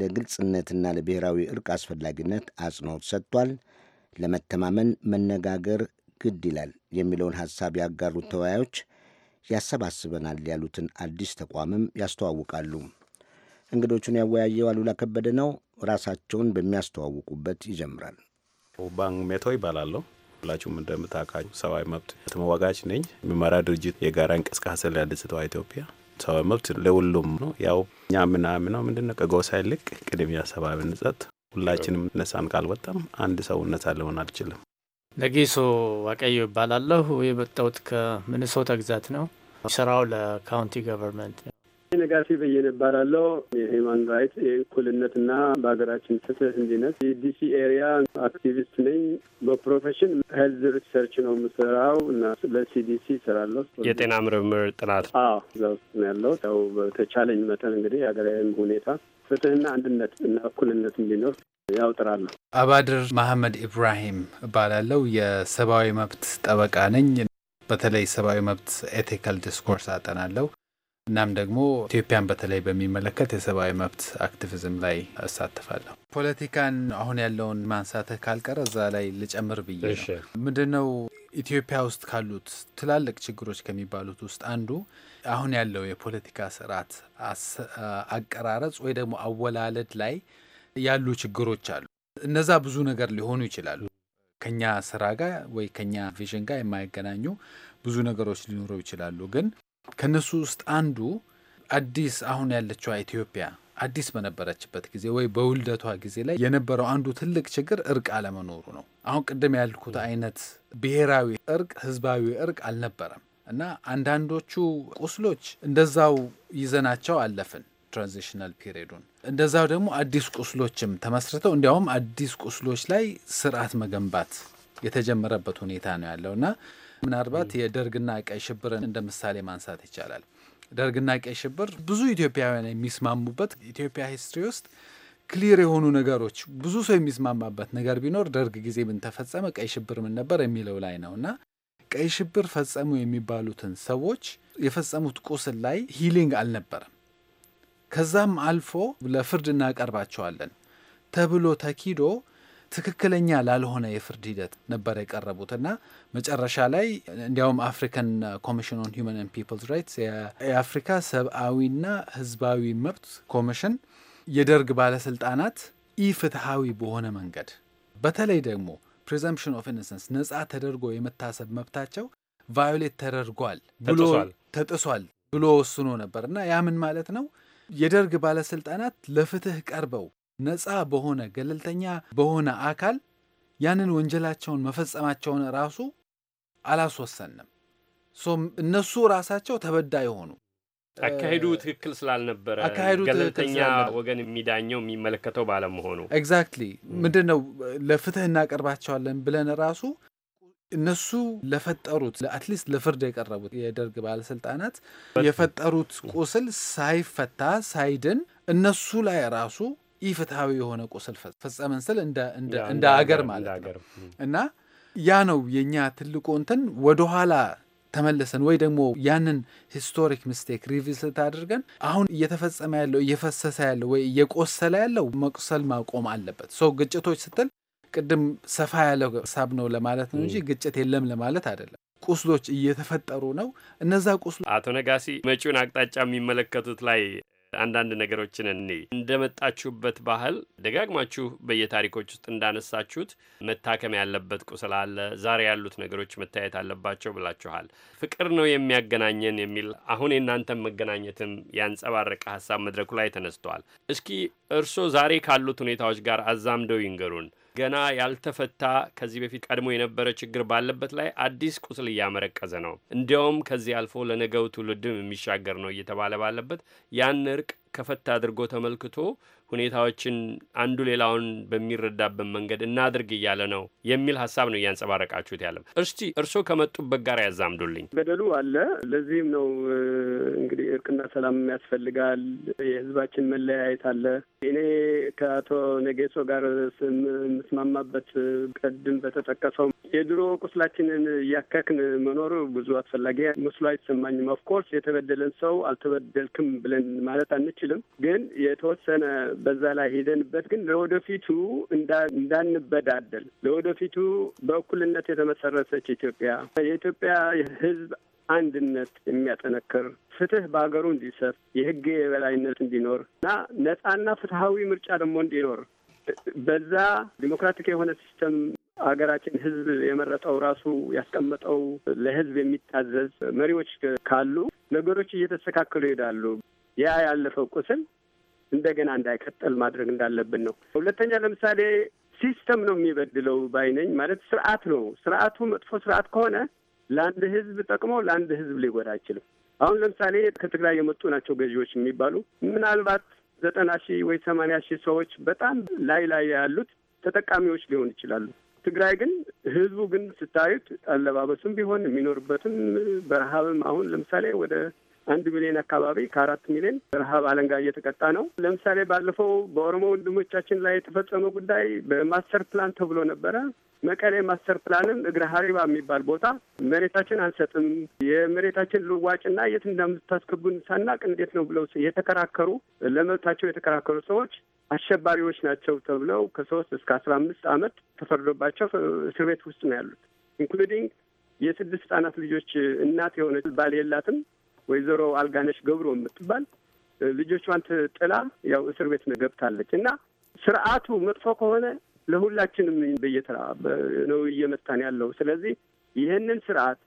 ለግልጽነትና ለብሔራዊ እርቅ አስፈላጊነት አጽንኦት ሰጥቷል። ለመተማመን መነጋገር ግድ ይላል የሚለውን ሐሳብ ያጋሩት ተወያዮች ያሰባስበናል ያሉትን አዲስ ተቋምም ያስተዋውቃሉ። እንግዶቹን ያወያየው አሉላ ከበደ ነው። ራሳቸውን በሚያስተዋውቁበት ይጀምራል። ኦባንግ ሜቶ ይባላለሁ። ሁላችሁም እንደምታውቁት ሰብአዊ መብት ተመዋጋች ነኝ። የሚመራ ድርጅት የጋራ እንቅስቃሴ ላለስተዋ ኢትዮጵያ ሰብአዊ መብት ለሁሉም ነው። ያው እኛ ምናምነው ነው ከጎሳ ይልቅ ቅድሚያ ሰብአዊ ንጸት ሁላችንም ነሳን ካልወጣም አንድ ሰው ነሳ ሊሆን አልችልም። ለጌሶ ዋቀዮ ይባላለሁ። የመጣሁት ከሚኒሶታ ግዛት ነው። ስራው ለካውንቲ ገቨርንመንት ነው። ነጋሲ በየነ ይባላለሁ። የሂማን ራይት እኩልነትና በሀገራችን ፍትህ እንዲነት የዲሲ ኤሪያ አክቲቪስት ነኝ። በፕሮፌሽን ሄልዝ ሪሰርች ነው የምሰራው እና ለሲዲሲ እሰራለሁ። የጤና ምርምር ጥናት አዎ፣ እዛ ውስጥ ነው ያለው። ያው በተቻለኝ መጠን እንግዲህ የሀገራዊም ሁኔታ ፍትህና አንድነት እና እኩልነት እንዲኖር ያውጥራሉ። አባድር መሐመድ ኢብራሂም እባላለሁ። የሰብአዊ መብት ጠበቃ ነኝ። በተለይ ሰብአዊ መብት ኤቲካል ዲስኮርስ አጠናለሁ። እናም ደግሞ ኢትዮጵያን በተለይ በሚመለከት የሰብአዊ መብት አክቲቪዝም ላይ እሳተፋለሁ። ፖለቲካን አሁን ያለውን ማንሳት ካልቀረ እዛ ላይ ልጨምር ብዬ ነው። ምንድነው ኢትዮጵያ ውስጥ ካሉት ትላልቅ ችግሮች ከሚባሉት ውስጥ አንዱ አሁን ያለው የፖለቲካ ስርዓት አቀራረጽ ወይ ደግሞ አወላለድ ላይ ያሉ ችግሮች አሉ። እነዛ ብዙ ነገር ሊሆኑ ይችላሉ። ከኛ ስራ ጋር ወይ ከኛ ቪዥን ጋር የማይገናኙ ብዙ ነገሮች ሊኖሩ ይችላሉ። ግን ከነሱ ውስጥ አንዱ አዲስ አሁን ያለችዋ ኢትዮጵያ አዲስ በነበረችበት ጊዜ ወይ በውልደቷ ጊዜ ላይ የነበረው አንዱ ትልቅ ችግር እርቅ አለመኖሩ ነው። አሁን ቅድም ያልኩት አይነት ብሔራዊ እርቅ፣ ህዝባዊ እርቅ አልነበረም። እና አንዳንዶቹ ቁስሎች እንደዛው ይዘናቸው አለፍን ትራንዚሽናል ፒሪዱን እንደዛው ደግሞ አዲስ ቁስሎችም ተመስርተው እንዲያውም አዲስ ቁስሎች ላይ ስርዓት መገንባት የተጀመረበት ሁኔታ ነው ያለው እና ምናልባት የደርግና ቀይ ሽብርን እንደ ምሳሌ ማንሳት ይቻላል። ደርግና ቀይ ሽብር ብዙ ኢትዮጵያውያን የሚስማሙበት ኢትዮጵያ ሂስትሪ ውስጥ ክሊር የሆኑ ነገሮች ብዙ ሰው የሚስማማበት ነገር ቢኖር ደርግ ጊዜ ምን ተፈጸመ፣ ቀይ ሽብር ምን ነበር የሚለው ላይ ነው እና ቀይ ሽብር ፈጸሙ የሚባሉትን ሰዎች የፈጸሙት ቁስል ላይ ሂሊንግ አልነበረም። ከዛም አልፎ ለፍርድ እናቀርባቸዋለን ተብሎ ተኪዶ ትክክለኛ ላልሆነ የፍርድ ሂደት ነበር የቀረቡት እና መጨረሻ ላይ እንዲያውም አፍሪካን ኮሚሽን ኦን ሂውማን ፒፕልስ ራይትስ የአፍሪካ ሰብአዊና ሕዝባዊ መብት ኮሚሽን የደርግ ባለስልጣናት ኢፍትሐዊ በሆነ መንገድ በተለይ ደግሞ ፕሪዘምፕሽን ኦፍ ኢነሰንስ ነጻ ተደርጎ የመታሰብ መብታቸው ቫዮሌት ተደርጓል ብሎ ተጥሷል ብሎ ወስኖ ነበር እና ያ ምን ማለት ነው? የደርግ ባለስልጣናት ለፍትህ ቀርበው ነጻ በሆነ ገለልተኛ በሆነ አካል ያንን ወንጀላቸውን መፈጸማቸውን ራሱ አላስወሰንም። እነሱ ራሳቸው ተበዳይ ሆኑ። አካሄዱ ትክክል ስላልነበረ አካሄዱ ገለልተኛ ወገን የሚዳኘው የሚመለከተው ባለመሆኑ ኤግዛክትሊ ምንድን ነው ለፍትህ እናቀርባቸዋለን ብለን ራሱ እነሱ ለፈጠሩት አትሊስት ለፍርድ የቀረቡት የደርግ ባለስልጣናት የፈጠሩት ቁስል ሳይፈታ ሳይድን እነሱ ላይ ራሱ ኢፍትሐዊ የሆነ ቁስል ፈጸመን ስል እንደ አገር ማለት ነው እና ያ ነው የእኛ ትልቁ እንትን ወደኋላ ተመልሰን ወይ ደግሞ ያንን ሂስቶሪክ ሚስቴክ ሪቪዝት አድርገን አሁን እየተፈጸመ ያለው እየፈሰሰ ያለው ወይ እየቆሰለ ያለው መቁሰል ማቆም አለበት። ሰው ግጭቶች ስትል ቅድም ሰፋ ያለው ሀሳብ ነው ለማለት ነው እንጂ ግጭት የለም ለማለት አይደለም። ቁስሎች እየተፈጠሩ ነው። እነዛ ቁስሎች አቶ ነጋሲ መጪውን አቅጣጫ የሚመለከቱት ላይ አንዳንድ ነገሮችን እኔ እንደመጣችሁበት ባህል ደጋግማችሁ በየታሪኮች ውስጥ እንዳነሳችሁት መታከም ያለበት ቁስል አለ፣ ዛሬ ያሉት ነገሮች መታየት አለባቸው ብላችኋል። ፍቅር ነው የሚያገናኘን የሚል አሁን የእናንተን መገናኘትም ያንጸባረቀ ሀሳብ መድረኩ ላይ ተነስቷል። እስኪ እርስዎ ዛሬ ካሉት ሁኔታዎች ጋር አዛምደው ይንገሩን። ገና ያልተፈታ ከዚህ በፊት ቀድሞ የነበረ ችግር ባለበት ላይ አዲስ ቁስል እያመረቀዘ ነው። እንዲያውም ከዚህ አልፎ ለነገው ትውልድም የሚሻገር ነው እየተባለ ባለበት ያን እርቅ ከፈታ አድርጎ ተመልክቶ ሁኔታዎችን አንዱ ሌላውን በሚረዳበት መንገድ እናድርግ እያለ ነው የሚል ሀሳብ ነው እያንጸባረቃችሁት ያለም። እስቲ እርስዎ ከመጡበት ጋር ያዛምዱልኝ። ገደሉ አለ። ለዚህም ነው እንግዲህ እርቅና ሰላም ያስፈልጋል። የህዝባችን መለያየት አለ። እኔ ከአቶ ነጌሶ ጋር ስምስማማበት ቅድም በተጠቀሰው የድሮ ቁስላችንን እያከክን መኖር ብዙ አስፈላጊ መስሎ አይሰማኝም። ኦፍኮርስ የተበደለን ሰው አልተበደልክም ብለን ማለት አንችልም፣ ግን የተወሰነ በዛ ላይ ሄደንበት፣ ግን ለወደፊቱ እንዳንበዳደል ለወደፊቱ በእኩልነት የተመሰረተች ኢትዮጵያ የኢትዮጵያ ሕዝብ አንድነት የሚያጠነክር ፍትህ በሀገሩ እንዲሰፍ የህግ የበላይነት እንዲኖር እና ነጻና ፍትሀዊ ምርጫ ደግሞ እንዲኖር በዛ ዲሞክራቲክ የሆነ ሲስተም ሀገራችን ህዝብ የመረጠው ራሱ ያስቀመጠው ለህዝብ የሚታዘዝ መሪዎች ካሉ ነገሮች እየተስተካከሉ ይሄዳሉ። ያ ያለፈው ቁስል እንደገና እንዳይቀጠል ማድረግ እንዳለብን ነው። ሁለተኛ ለምሳሌ ሲስተም ነው የሚበድለው ባይነኝ ማለት ስርዓት ነው። ስርዓቱ መጥፎ ስርዓት ከሆነ ለአንድ ህዝብ ጠቅሞ ለአንድ ህዝብ ሊጎዳ አይችልም። አሁን ለምሳሌ ከትግራይ የመጡ ናቸው ገዢዎች የሚባሉ ምናልባት ዘጠና ሺህ ወይ ሰማንያ ሺህ ሰዎች በጣም ላይ ላይ ያሉት ተጠቃሚዎች ሊሆን ይችላሉ። ትግራይ ግን ህዝቡ ግን ስታዩት አለባበሱም ቢሆን የሚኖርበትም በረሃብም አሁን ለምሳሌ ወደ አንድ ሚሊዮን አካባቢ ከአራት ሚሊዮን ረሀብ አለንጋ እየተቀጣ ነው። ለምሳሌ ባለፈው በኦሮሞ ወንድሞቻችን ላይ የተፈጸመ ጉዳይ በማስተር ፕላን ተብሎ ነበረ። መቀሌ ማስተር ፕላንም እግረ ሀሪባ የሚባል ቦታ መሬታችን አንሰጥም፣ የመሬታችን ልዋጭና የት እንደምታስገቡን ሳናቅ እንዴት ነው ብለው የተከራከሩ ለመብታቸው የተከራከሩ ሰዎች አሸባሪዎች ናቸው ተብለው ከሶስት እስከ አስራ አምስት ዓመት ተፈርዶባቸው እስር ቤት ውስጥ ነው ያሉት ኢንክሉዲንግ የስድስት ህጻናት ልጆች እናት የሆነች ባል የላትም ወይዘሮ አልጋነሽ ገብሮ የምትባል ልጆቿን ትጥላ ያው እስር ቤት ገብታለች እና ስርዓቱ መጥፎ ከሆነ ለሁላችንም በየተራ ነው እየመታን ያለው። ስለዚህ ይህንን ስርዓት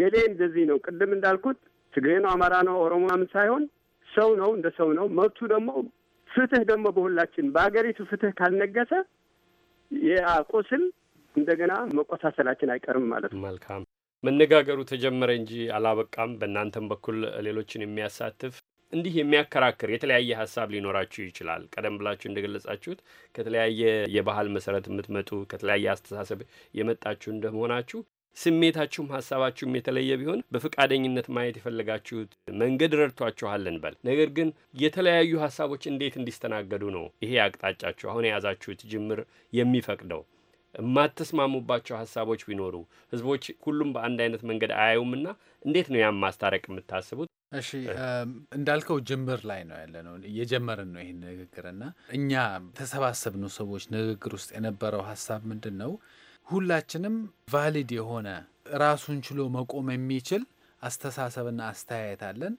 ገሌ እንደዚህ ነው ቅድም እንዳልኩት ትግሬ ነው፣ አማራ ነው፣ ኦሮሞም ሳይሆን ሰው ነው፣ እንደ ሰው ነው። መብቱ ደግሞ ፍትህ ደግሞ በሁላችን በሀገሪቱ ፍትህ ካልነገሰ ያ ቁስል እንደገና መቆሳሰላችን አይቀርም ማለት ነው። መልካም መነጋገሩ ተጀመረ እንጂ አላበቃም። በእናንተም በኩል ሌሎችን የሚያሳትፍ እንዲህ የሚያከራክር የተለያየ ሀሳብ ሊኖራችሁ ይችላል። ቀደም ብላችሁ እንደገለጻችሁት ከተለያየ የባህል መሰረት የምትመጡ ከተለያየ አስተሳሰብ የመጣችሁ እንደመሆናችሁ ስሜታችሁም ሀሳባችሁም የተለየ ቢሆን በፈቃደኝነት ማየት የፈለጋችሁት መንገድ ረድቷችኋል በል ነገር ግን የተለያዩ ሀሳቦች እንዴት እንዲስተናገዱ ነው ይሄ አቅጣጫችሁ አሁን የያዛችሁት ጅምር የሚፈቅደው? የማትስማሙባቸው ሀሳቦች ቢኖሩ ህዝቦች ሁሉም በአንድ አይነት መንገድ አያዩምና እንዴት ነው ያም ማስታረቅ የምታስቡት? እሺ እንዳልከው ጅምር ላይ ነው ያለ ነው እየጀመርን ነው ይህን ንግግርና እኛ ተሰባሰብነው ሰዎች ንግግር ውስጥ የነበረው ሀሳብ ምንድን ነው? ሁላችንም ቫሊድ የሆነ ራሱን ችሎ መቆም የሚችል አስተሳሰብና አስተያየት አለን።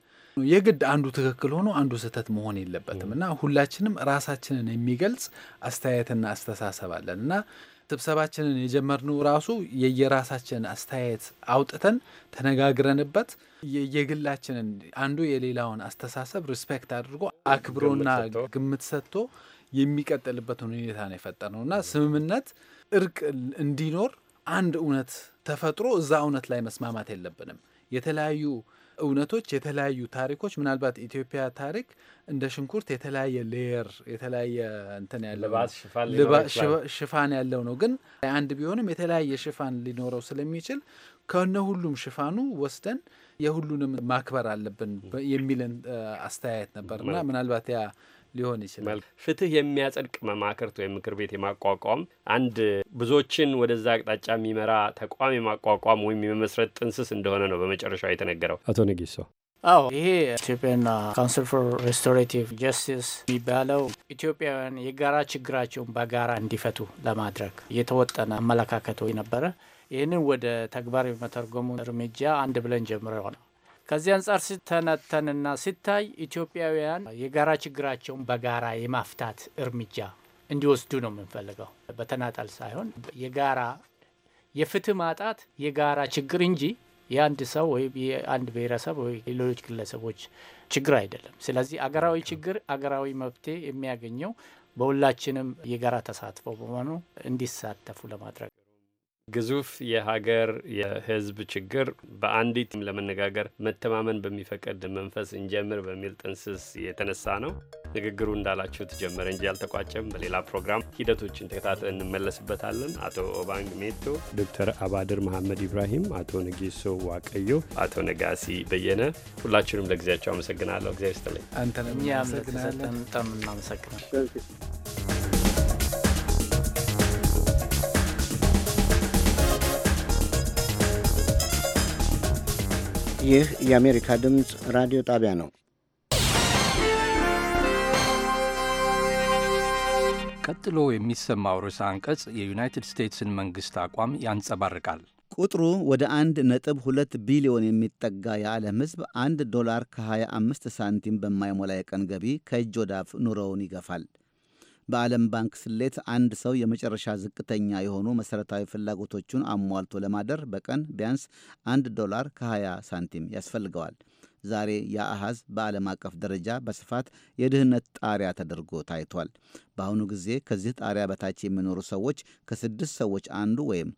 የግድ አንዱ ትክክል ሆኖ አንዱ ስህተት መሆን የለበትም እና ሁላችንም ራሳችንን የሚገልጽ አስተያየትና አስተሳሰብ አለን እና ስብሰባችንን የጀመርነው ራሱ የየራሳችንን አስተያየት አውጥተን ተነጋግረንበት የግላችንን አንዱ የሌላውን አስተሳሰብ ሪስፔክት አድርጎ አክብሮና ግምት ሰጥቶ የሚቀጥልበትን ሁኔታ ነው የፈጠረው እና ስምምነት እርቅ እንዲኖር አንድ እውነት ተፈጥሮ እዛ እውነት ላይ መስማማት የለብንም የተለያዩ እውነቶች፣ የተለያዩ ታሪኮች ምናልባት ኢትዮጵያ ታሪክ እንደ ሽንኩርት የተለያየ ሌየር የተለያየ እንትን ያለው ሽፋን ያለው ነው። ግን አንድ ቢሆንም የተለያየ ሽፋን ሊኖረው ስለሚችል ከነ ሁሉም ሽፋኑ ወስደን የሁሉንም ማክበር አለብን የሚልን አስተያየት ነበርና ምናልባት ያ ሊሆን ይችላል። ፍትህ የሚያጸድቅ መማክርት ወይም ምክር ቤት የማቋቋም አንድ ብዙዎችን ወደዛ አቅጣጫ የሚመራ ተቋም የማቋቋም ወይም የመመስረት ጥንስስ እንደሆነ ነው በመጨረሻው የተነገረው። አቶ ነጊሶ አዎ ይሄ ኢትዮጵያና ካውንስል ፎር ሬስቶሬቲቭ ጀስቲስ የሚባለው ኢትዮጵያውያን የጋራ ችግራቸውን በጋራ እንዲፈቱ ለማድረግ የተወጠነ አመለካከት ነበረ። ይህንን ወደ ተግባር የመተርጎሙ እርምጃ አንድ ብለን ጀምረው ነው ከዚህ አንጻር ሲተነተንና ሲታይ ኢትዮጵያውያን የጋራ ችግራቸውን በጋራ የማፍታት እርምጃ እንዲወስዱ ነው የምንፈልገው። በተናጠል ሳይሆን የጋራ የፍትህ ማጣት የጋራ ችግር እንጂ የአንድ ሰው ወይም የአንድ ብሔረሰብ ወይ ሌሎች ግለሰቦች ችግር አይደለም። ስለዚህ አገራዊ ችግር አገራዊ መፍትሄ የሚያገኘው በሁላችንም የጋራ ተሳትፎ በመሆኑ እንዲሳተፉ ለማድረግ ግዙፍ የሀገር የህዝብ ችግር በአንዲት ለመነጋገር መተማመን በሚፈቅድ መንፈስ እንጀምር በሚል ጥንስስ የተነሳ ነው። ንግግሩ እንዳላችሁ ተጀመረ እንጂ አልተቋጨም። በሌላ ፕሮግራም ሂደቶችን ተከታተል እንመለስበታለን። አቶ ኦባንግ ሜቶ፣ ዶክተር አባድር መሐመድ ኢብራሂም፣ አቶ ነጌሶ ዋቀዮ፣ አቶ ነጋሲ በየነ ሁላችንም ለጊዜያቸው አመሰግናለሁ። እግዚአብሔር ይስጥልኝ። አንተንም እናመሰግናለን። እናመሰግናል። ይህ የአሜሪካ ድምፅ ራዲዮ ጣቢያ ነው። ቀጥሎ የሚሰማው ርዕሰ አንቀጽ የዩናይትድ ስቴትስን መንግሥት አቋም ያንጸባርቃል። ቁጥሩ ወደ አንድ ነጥብ ሁለት ቢሊዮን የሚጠጋ የዓለም ሕዝብ አንድ ዶላር ከ25 ሳንቲም በማይሞላ የቀን ገቢ ከእጅ ወዳፍ ኑሮውን ይገፋል። በዓለም ባንክ ስሌት አንድ ሰው የመጨረሻ ዝቅተኛ የሆኑ መሠረታዊ ፍላጎቶቹን አሟልቶ ለማደር በቀን ቢያንስ አንድ ዶላር ከ20 ሳንቲም ያስፈልገዋል። ዛሬ ያ በዓለም አቀፍ ደረጃ በስፋት የድህነት ጣሪያ ተደርጎ ታይቷል። በአሁኑ ጊዜ ከዚህ ጣሪያ በታች የሚኖሩ ሰዎች ከስድስት ሰዎች አንዱ ወይም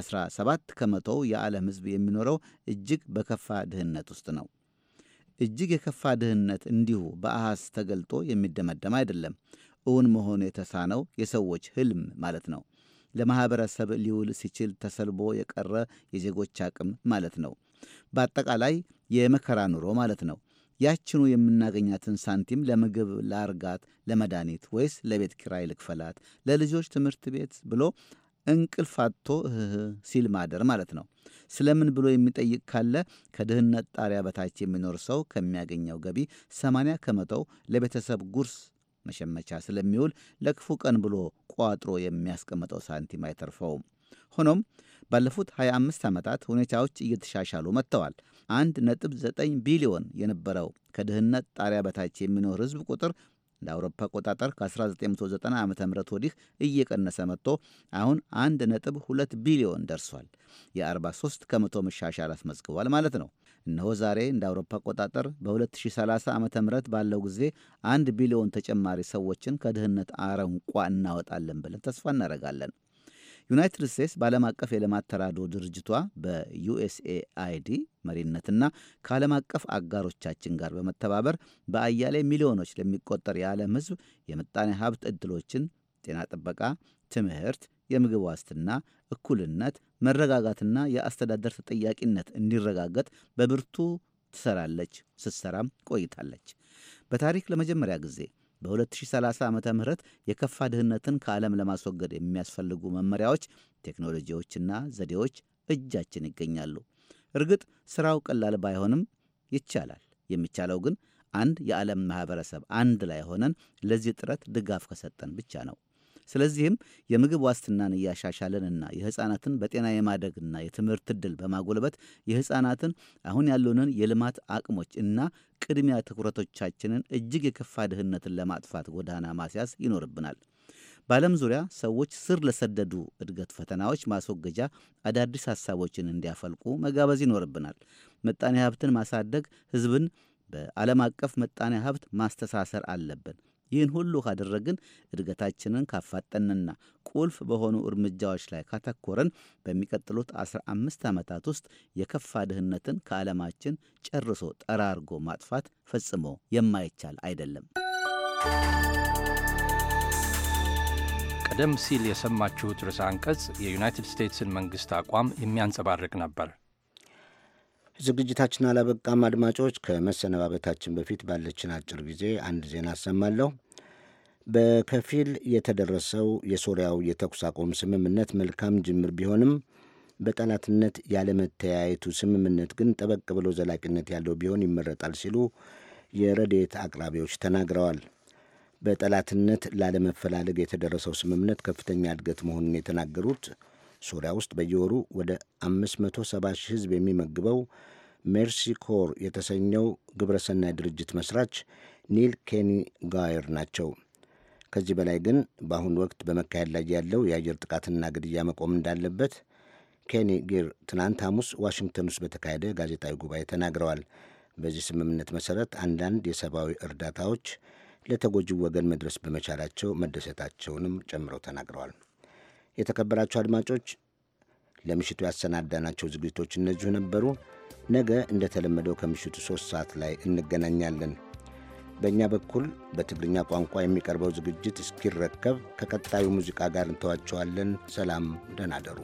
17 ከመቶው የዓለም ሕዝብ የሚኖረው እጅግ በከፋ ድህነት ውስጥ ነው። እጅግ የከፋ ድህነት እንዲሁ በአሃዝ ተገልጦ የሚደመደም አይደለም። እውን መሆኑ የተሳነው የሰዎች ህልም ማለት ነው። ለማኅበረሰብ ሊውል ሲችል ተሰልቦ የቀረ የዜጎች አቅም ማለት ነው። በአጠቃላይ የመከራ ኑሮ ማለት ነው። ያችኑ የምናገኛትን ሳንቲም ለምግብ፣ ለአርጋት፣ ለመድኃኒት ወይስ ለቤት ኪራይ ልክፈላት፣ ለልጆች ትምህርት ቤት ብሎ እንቅልፍ አጥቶ እህ ሲል ማደር ማለት ነው። ስለምን ብሎ የሚጠይቅ ካለ ከድህነት ጣሪያ በታች የሚኖር ሰው ከሚያገኘው ገቢ 80 ከመቶው ለቤተሰብ ጉርስ መሸመቻ ስለሚውል ለክፉ ቀን ብሎ ቋጥሮ የሚያስቀምጠው ሳንቲም አይተርፈውም። ሆኖም ባለፉት 25 ዓመታት ሁኔታዎች እየተሻሻሉ መጥተዋል። 1.9 ቢሊዮን የነበረው ከድህነት ጣሪያ በታች የሚኖር ሕዝብ ቁጥር እንደ አውሮፓ አቆጣጠር ከ1990 ዓ ም ወዲህ እየቀነሰ መጥቶ አሁን 1.2 ቢሊዮን ደርሷል። የ43 ከመቶ መሻሻል አስመዝግቧል ማለት ነው። እነሆ ዛሬ እንደ አውሮፓ አቆጣጠር በ2030 ዓ ም ባለው ጊዜ አንድ ቢሊዮን ተጨማሪ ሰዎችን ከድህነት አረንቋ እናወጣለን ብለን ተስፋ እናደርጋለን። ዩናይትድ ስቴትስ በዓለም አቀፍ የልማት ተራድኦ ድርጅቷ በዩኤስኤአይዲ መሪነትና ከዓለም አቀፍ አጋሮቻችን ጋር በመተባበር በአያሌ ሚሊዮኖች ለሚቆጠር የዓለም ሕዝብ የምጣኔ ሀብት ዕድሎችን፣ ጤና ጥበቃ፣ ትምህርት የምግብ ዋስትና፣ እኩልነት፣ መረጋጋትና የአስተዳደር ተጠያቂነት እንዲረጋገጥ በብርቱ ትሰራለች፣ ስትሰራም ቆይታለች። በታሪክ ለመጀመሪያ ጊዜ በ2030 ዓ ም የከፋ ድህነትን ከዓለም ለማስወገድ የሚያስፈልጉ መመሪያዎች፣ ቴክኖሎጂዎችና ዘዴዎች እጃችን ይገኛሉ። እርግጥ ሥራው ቀላል ባይሆንም ይቻላል። የሚቻለው ግን አንድ የዓለም ማኅበረሰብ አንድ ላይ ሆነን ለዚህ ጥረት ድጋፍ ከሰጠን ብቻ ነው። ስለዚህም የምግብ ዋስትናን እያሻሻለንና የሕፃናትን በጤና የማደግና የትምህርት ዕድል በማጎልበት የሕፃናትን አሁን ያሉንን የልማት አቅሞች እና ቅድሚያ ትኩረቶቻችንን እጅግ የከፋ ድህነትን ለማጥፋት ጎዳና ማስያዝ ይኖርብናል። በዓለም ዙሪያ ሰዎች ስር ለሰደዱ እድገት ፈተናዎች ማስወገጃ አዳዲስ ሀሳቦችን እንዲያፈልቁ መጋበዝ ይኖርብናል። ምጣኔ ሀብትን ማሳደግ፣ ሕዝብን በዓለም አቀፍ ምጣኔ ሀብት ማስተሳሰር አለብን። ይህን ሁሉ ካደረግን እድገታችንን ካፋጠንና ቁልፍ በሆኑ እርምጃዎች ላይ ካተኮረን በሚቀጥሉት 15 ዓመታት ውስጥ የከፋ ድህነትን ከዓለማችን ጨርሶ ጠራርጎ ማጥፋት ፈጽሞ የማይቻል አይደለም። ቀደም ሲል የሰማችሁት ርዕሰ አንቀጽ የዩናይትድ ስቴትስን መንግሥት አቋም የሚያንጸባርቅ ነበር። ዝግጅታችን አላበቃም። አድማጮች፣ ከመሰነባበታችን በፊት ባለችን አጭር ጊዜ አንድ ዜና አሰማለሁ። በከፊል የተደረሰው የሶሪያው የተኩስ አቁም ስምምነት መልካም ጅምር ቢሆንም በጠላትነት ያለመተያየቱ ስምምነት ግን ጠበቅ ብሎ ዘላቂነት ያለው ቢሆን ይመረጣል ሲሉ የረዴት አቅራቢዎች ተናግረዋል። በጠላትነት ላለመፈላለግ የተደረሰው ስምምነት ከፍተኛ እድገት መሆኑን የተናገሩት ሶሪያ ውስጥ በየወሩ ወደ 570 ሺህ ሕዝብ የሚመግበው ሜርሲ ኮር የተሰኘው ግብረሰናይ ድርጅት መስራች ኒል ኬኒ ጋየር ናቸው። ከዚህ በላይ ግን በአሁኑ ወቅት በመካሄድ ላይ ያለው የአየር ጥቃትና ግድያ መቆም እንዳለበት ኬኒ ጊር ትናንት ሐሙስ ዋሽንግተን ውስጥ በተካሄደ ጋዜጣዊ ጉባኤ ተናግረዋል። በዚህ ስምምነት መሠረት አንዳንድ የሰብአዊ እርዳታዎች ለተጎጂው ወገን መድረስ በመቻላቸው መደሰታቸውንም ጨምረው ተናግረዋል። የተከበራችሁ አድማጮች ለምሽቱ ያሰናዳናቸው ዝግጅቶች እነዚሁ ነበሩ። ነገ እንደተለመደው ከምሽቱ ሦስት ሰዓት ላይ እንገናኛለን። በእኛ በኩል በትግርኛ ቋንቋ የሚቀርበው ዝግጅት እስኪረከብ ከቀጣዩ ሙዚቃ ጋር እንተዋቸዋለን። ሰላም፣ ደህና አደሩ።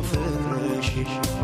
vedrești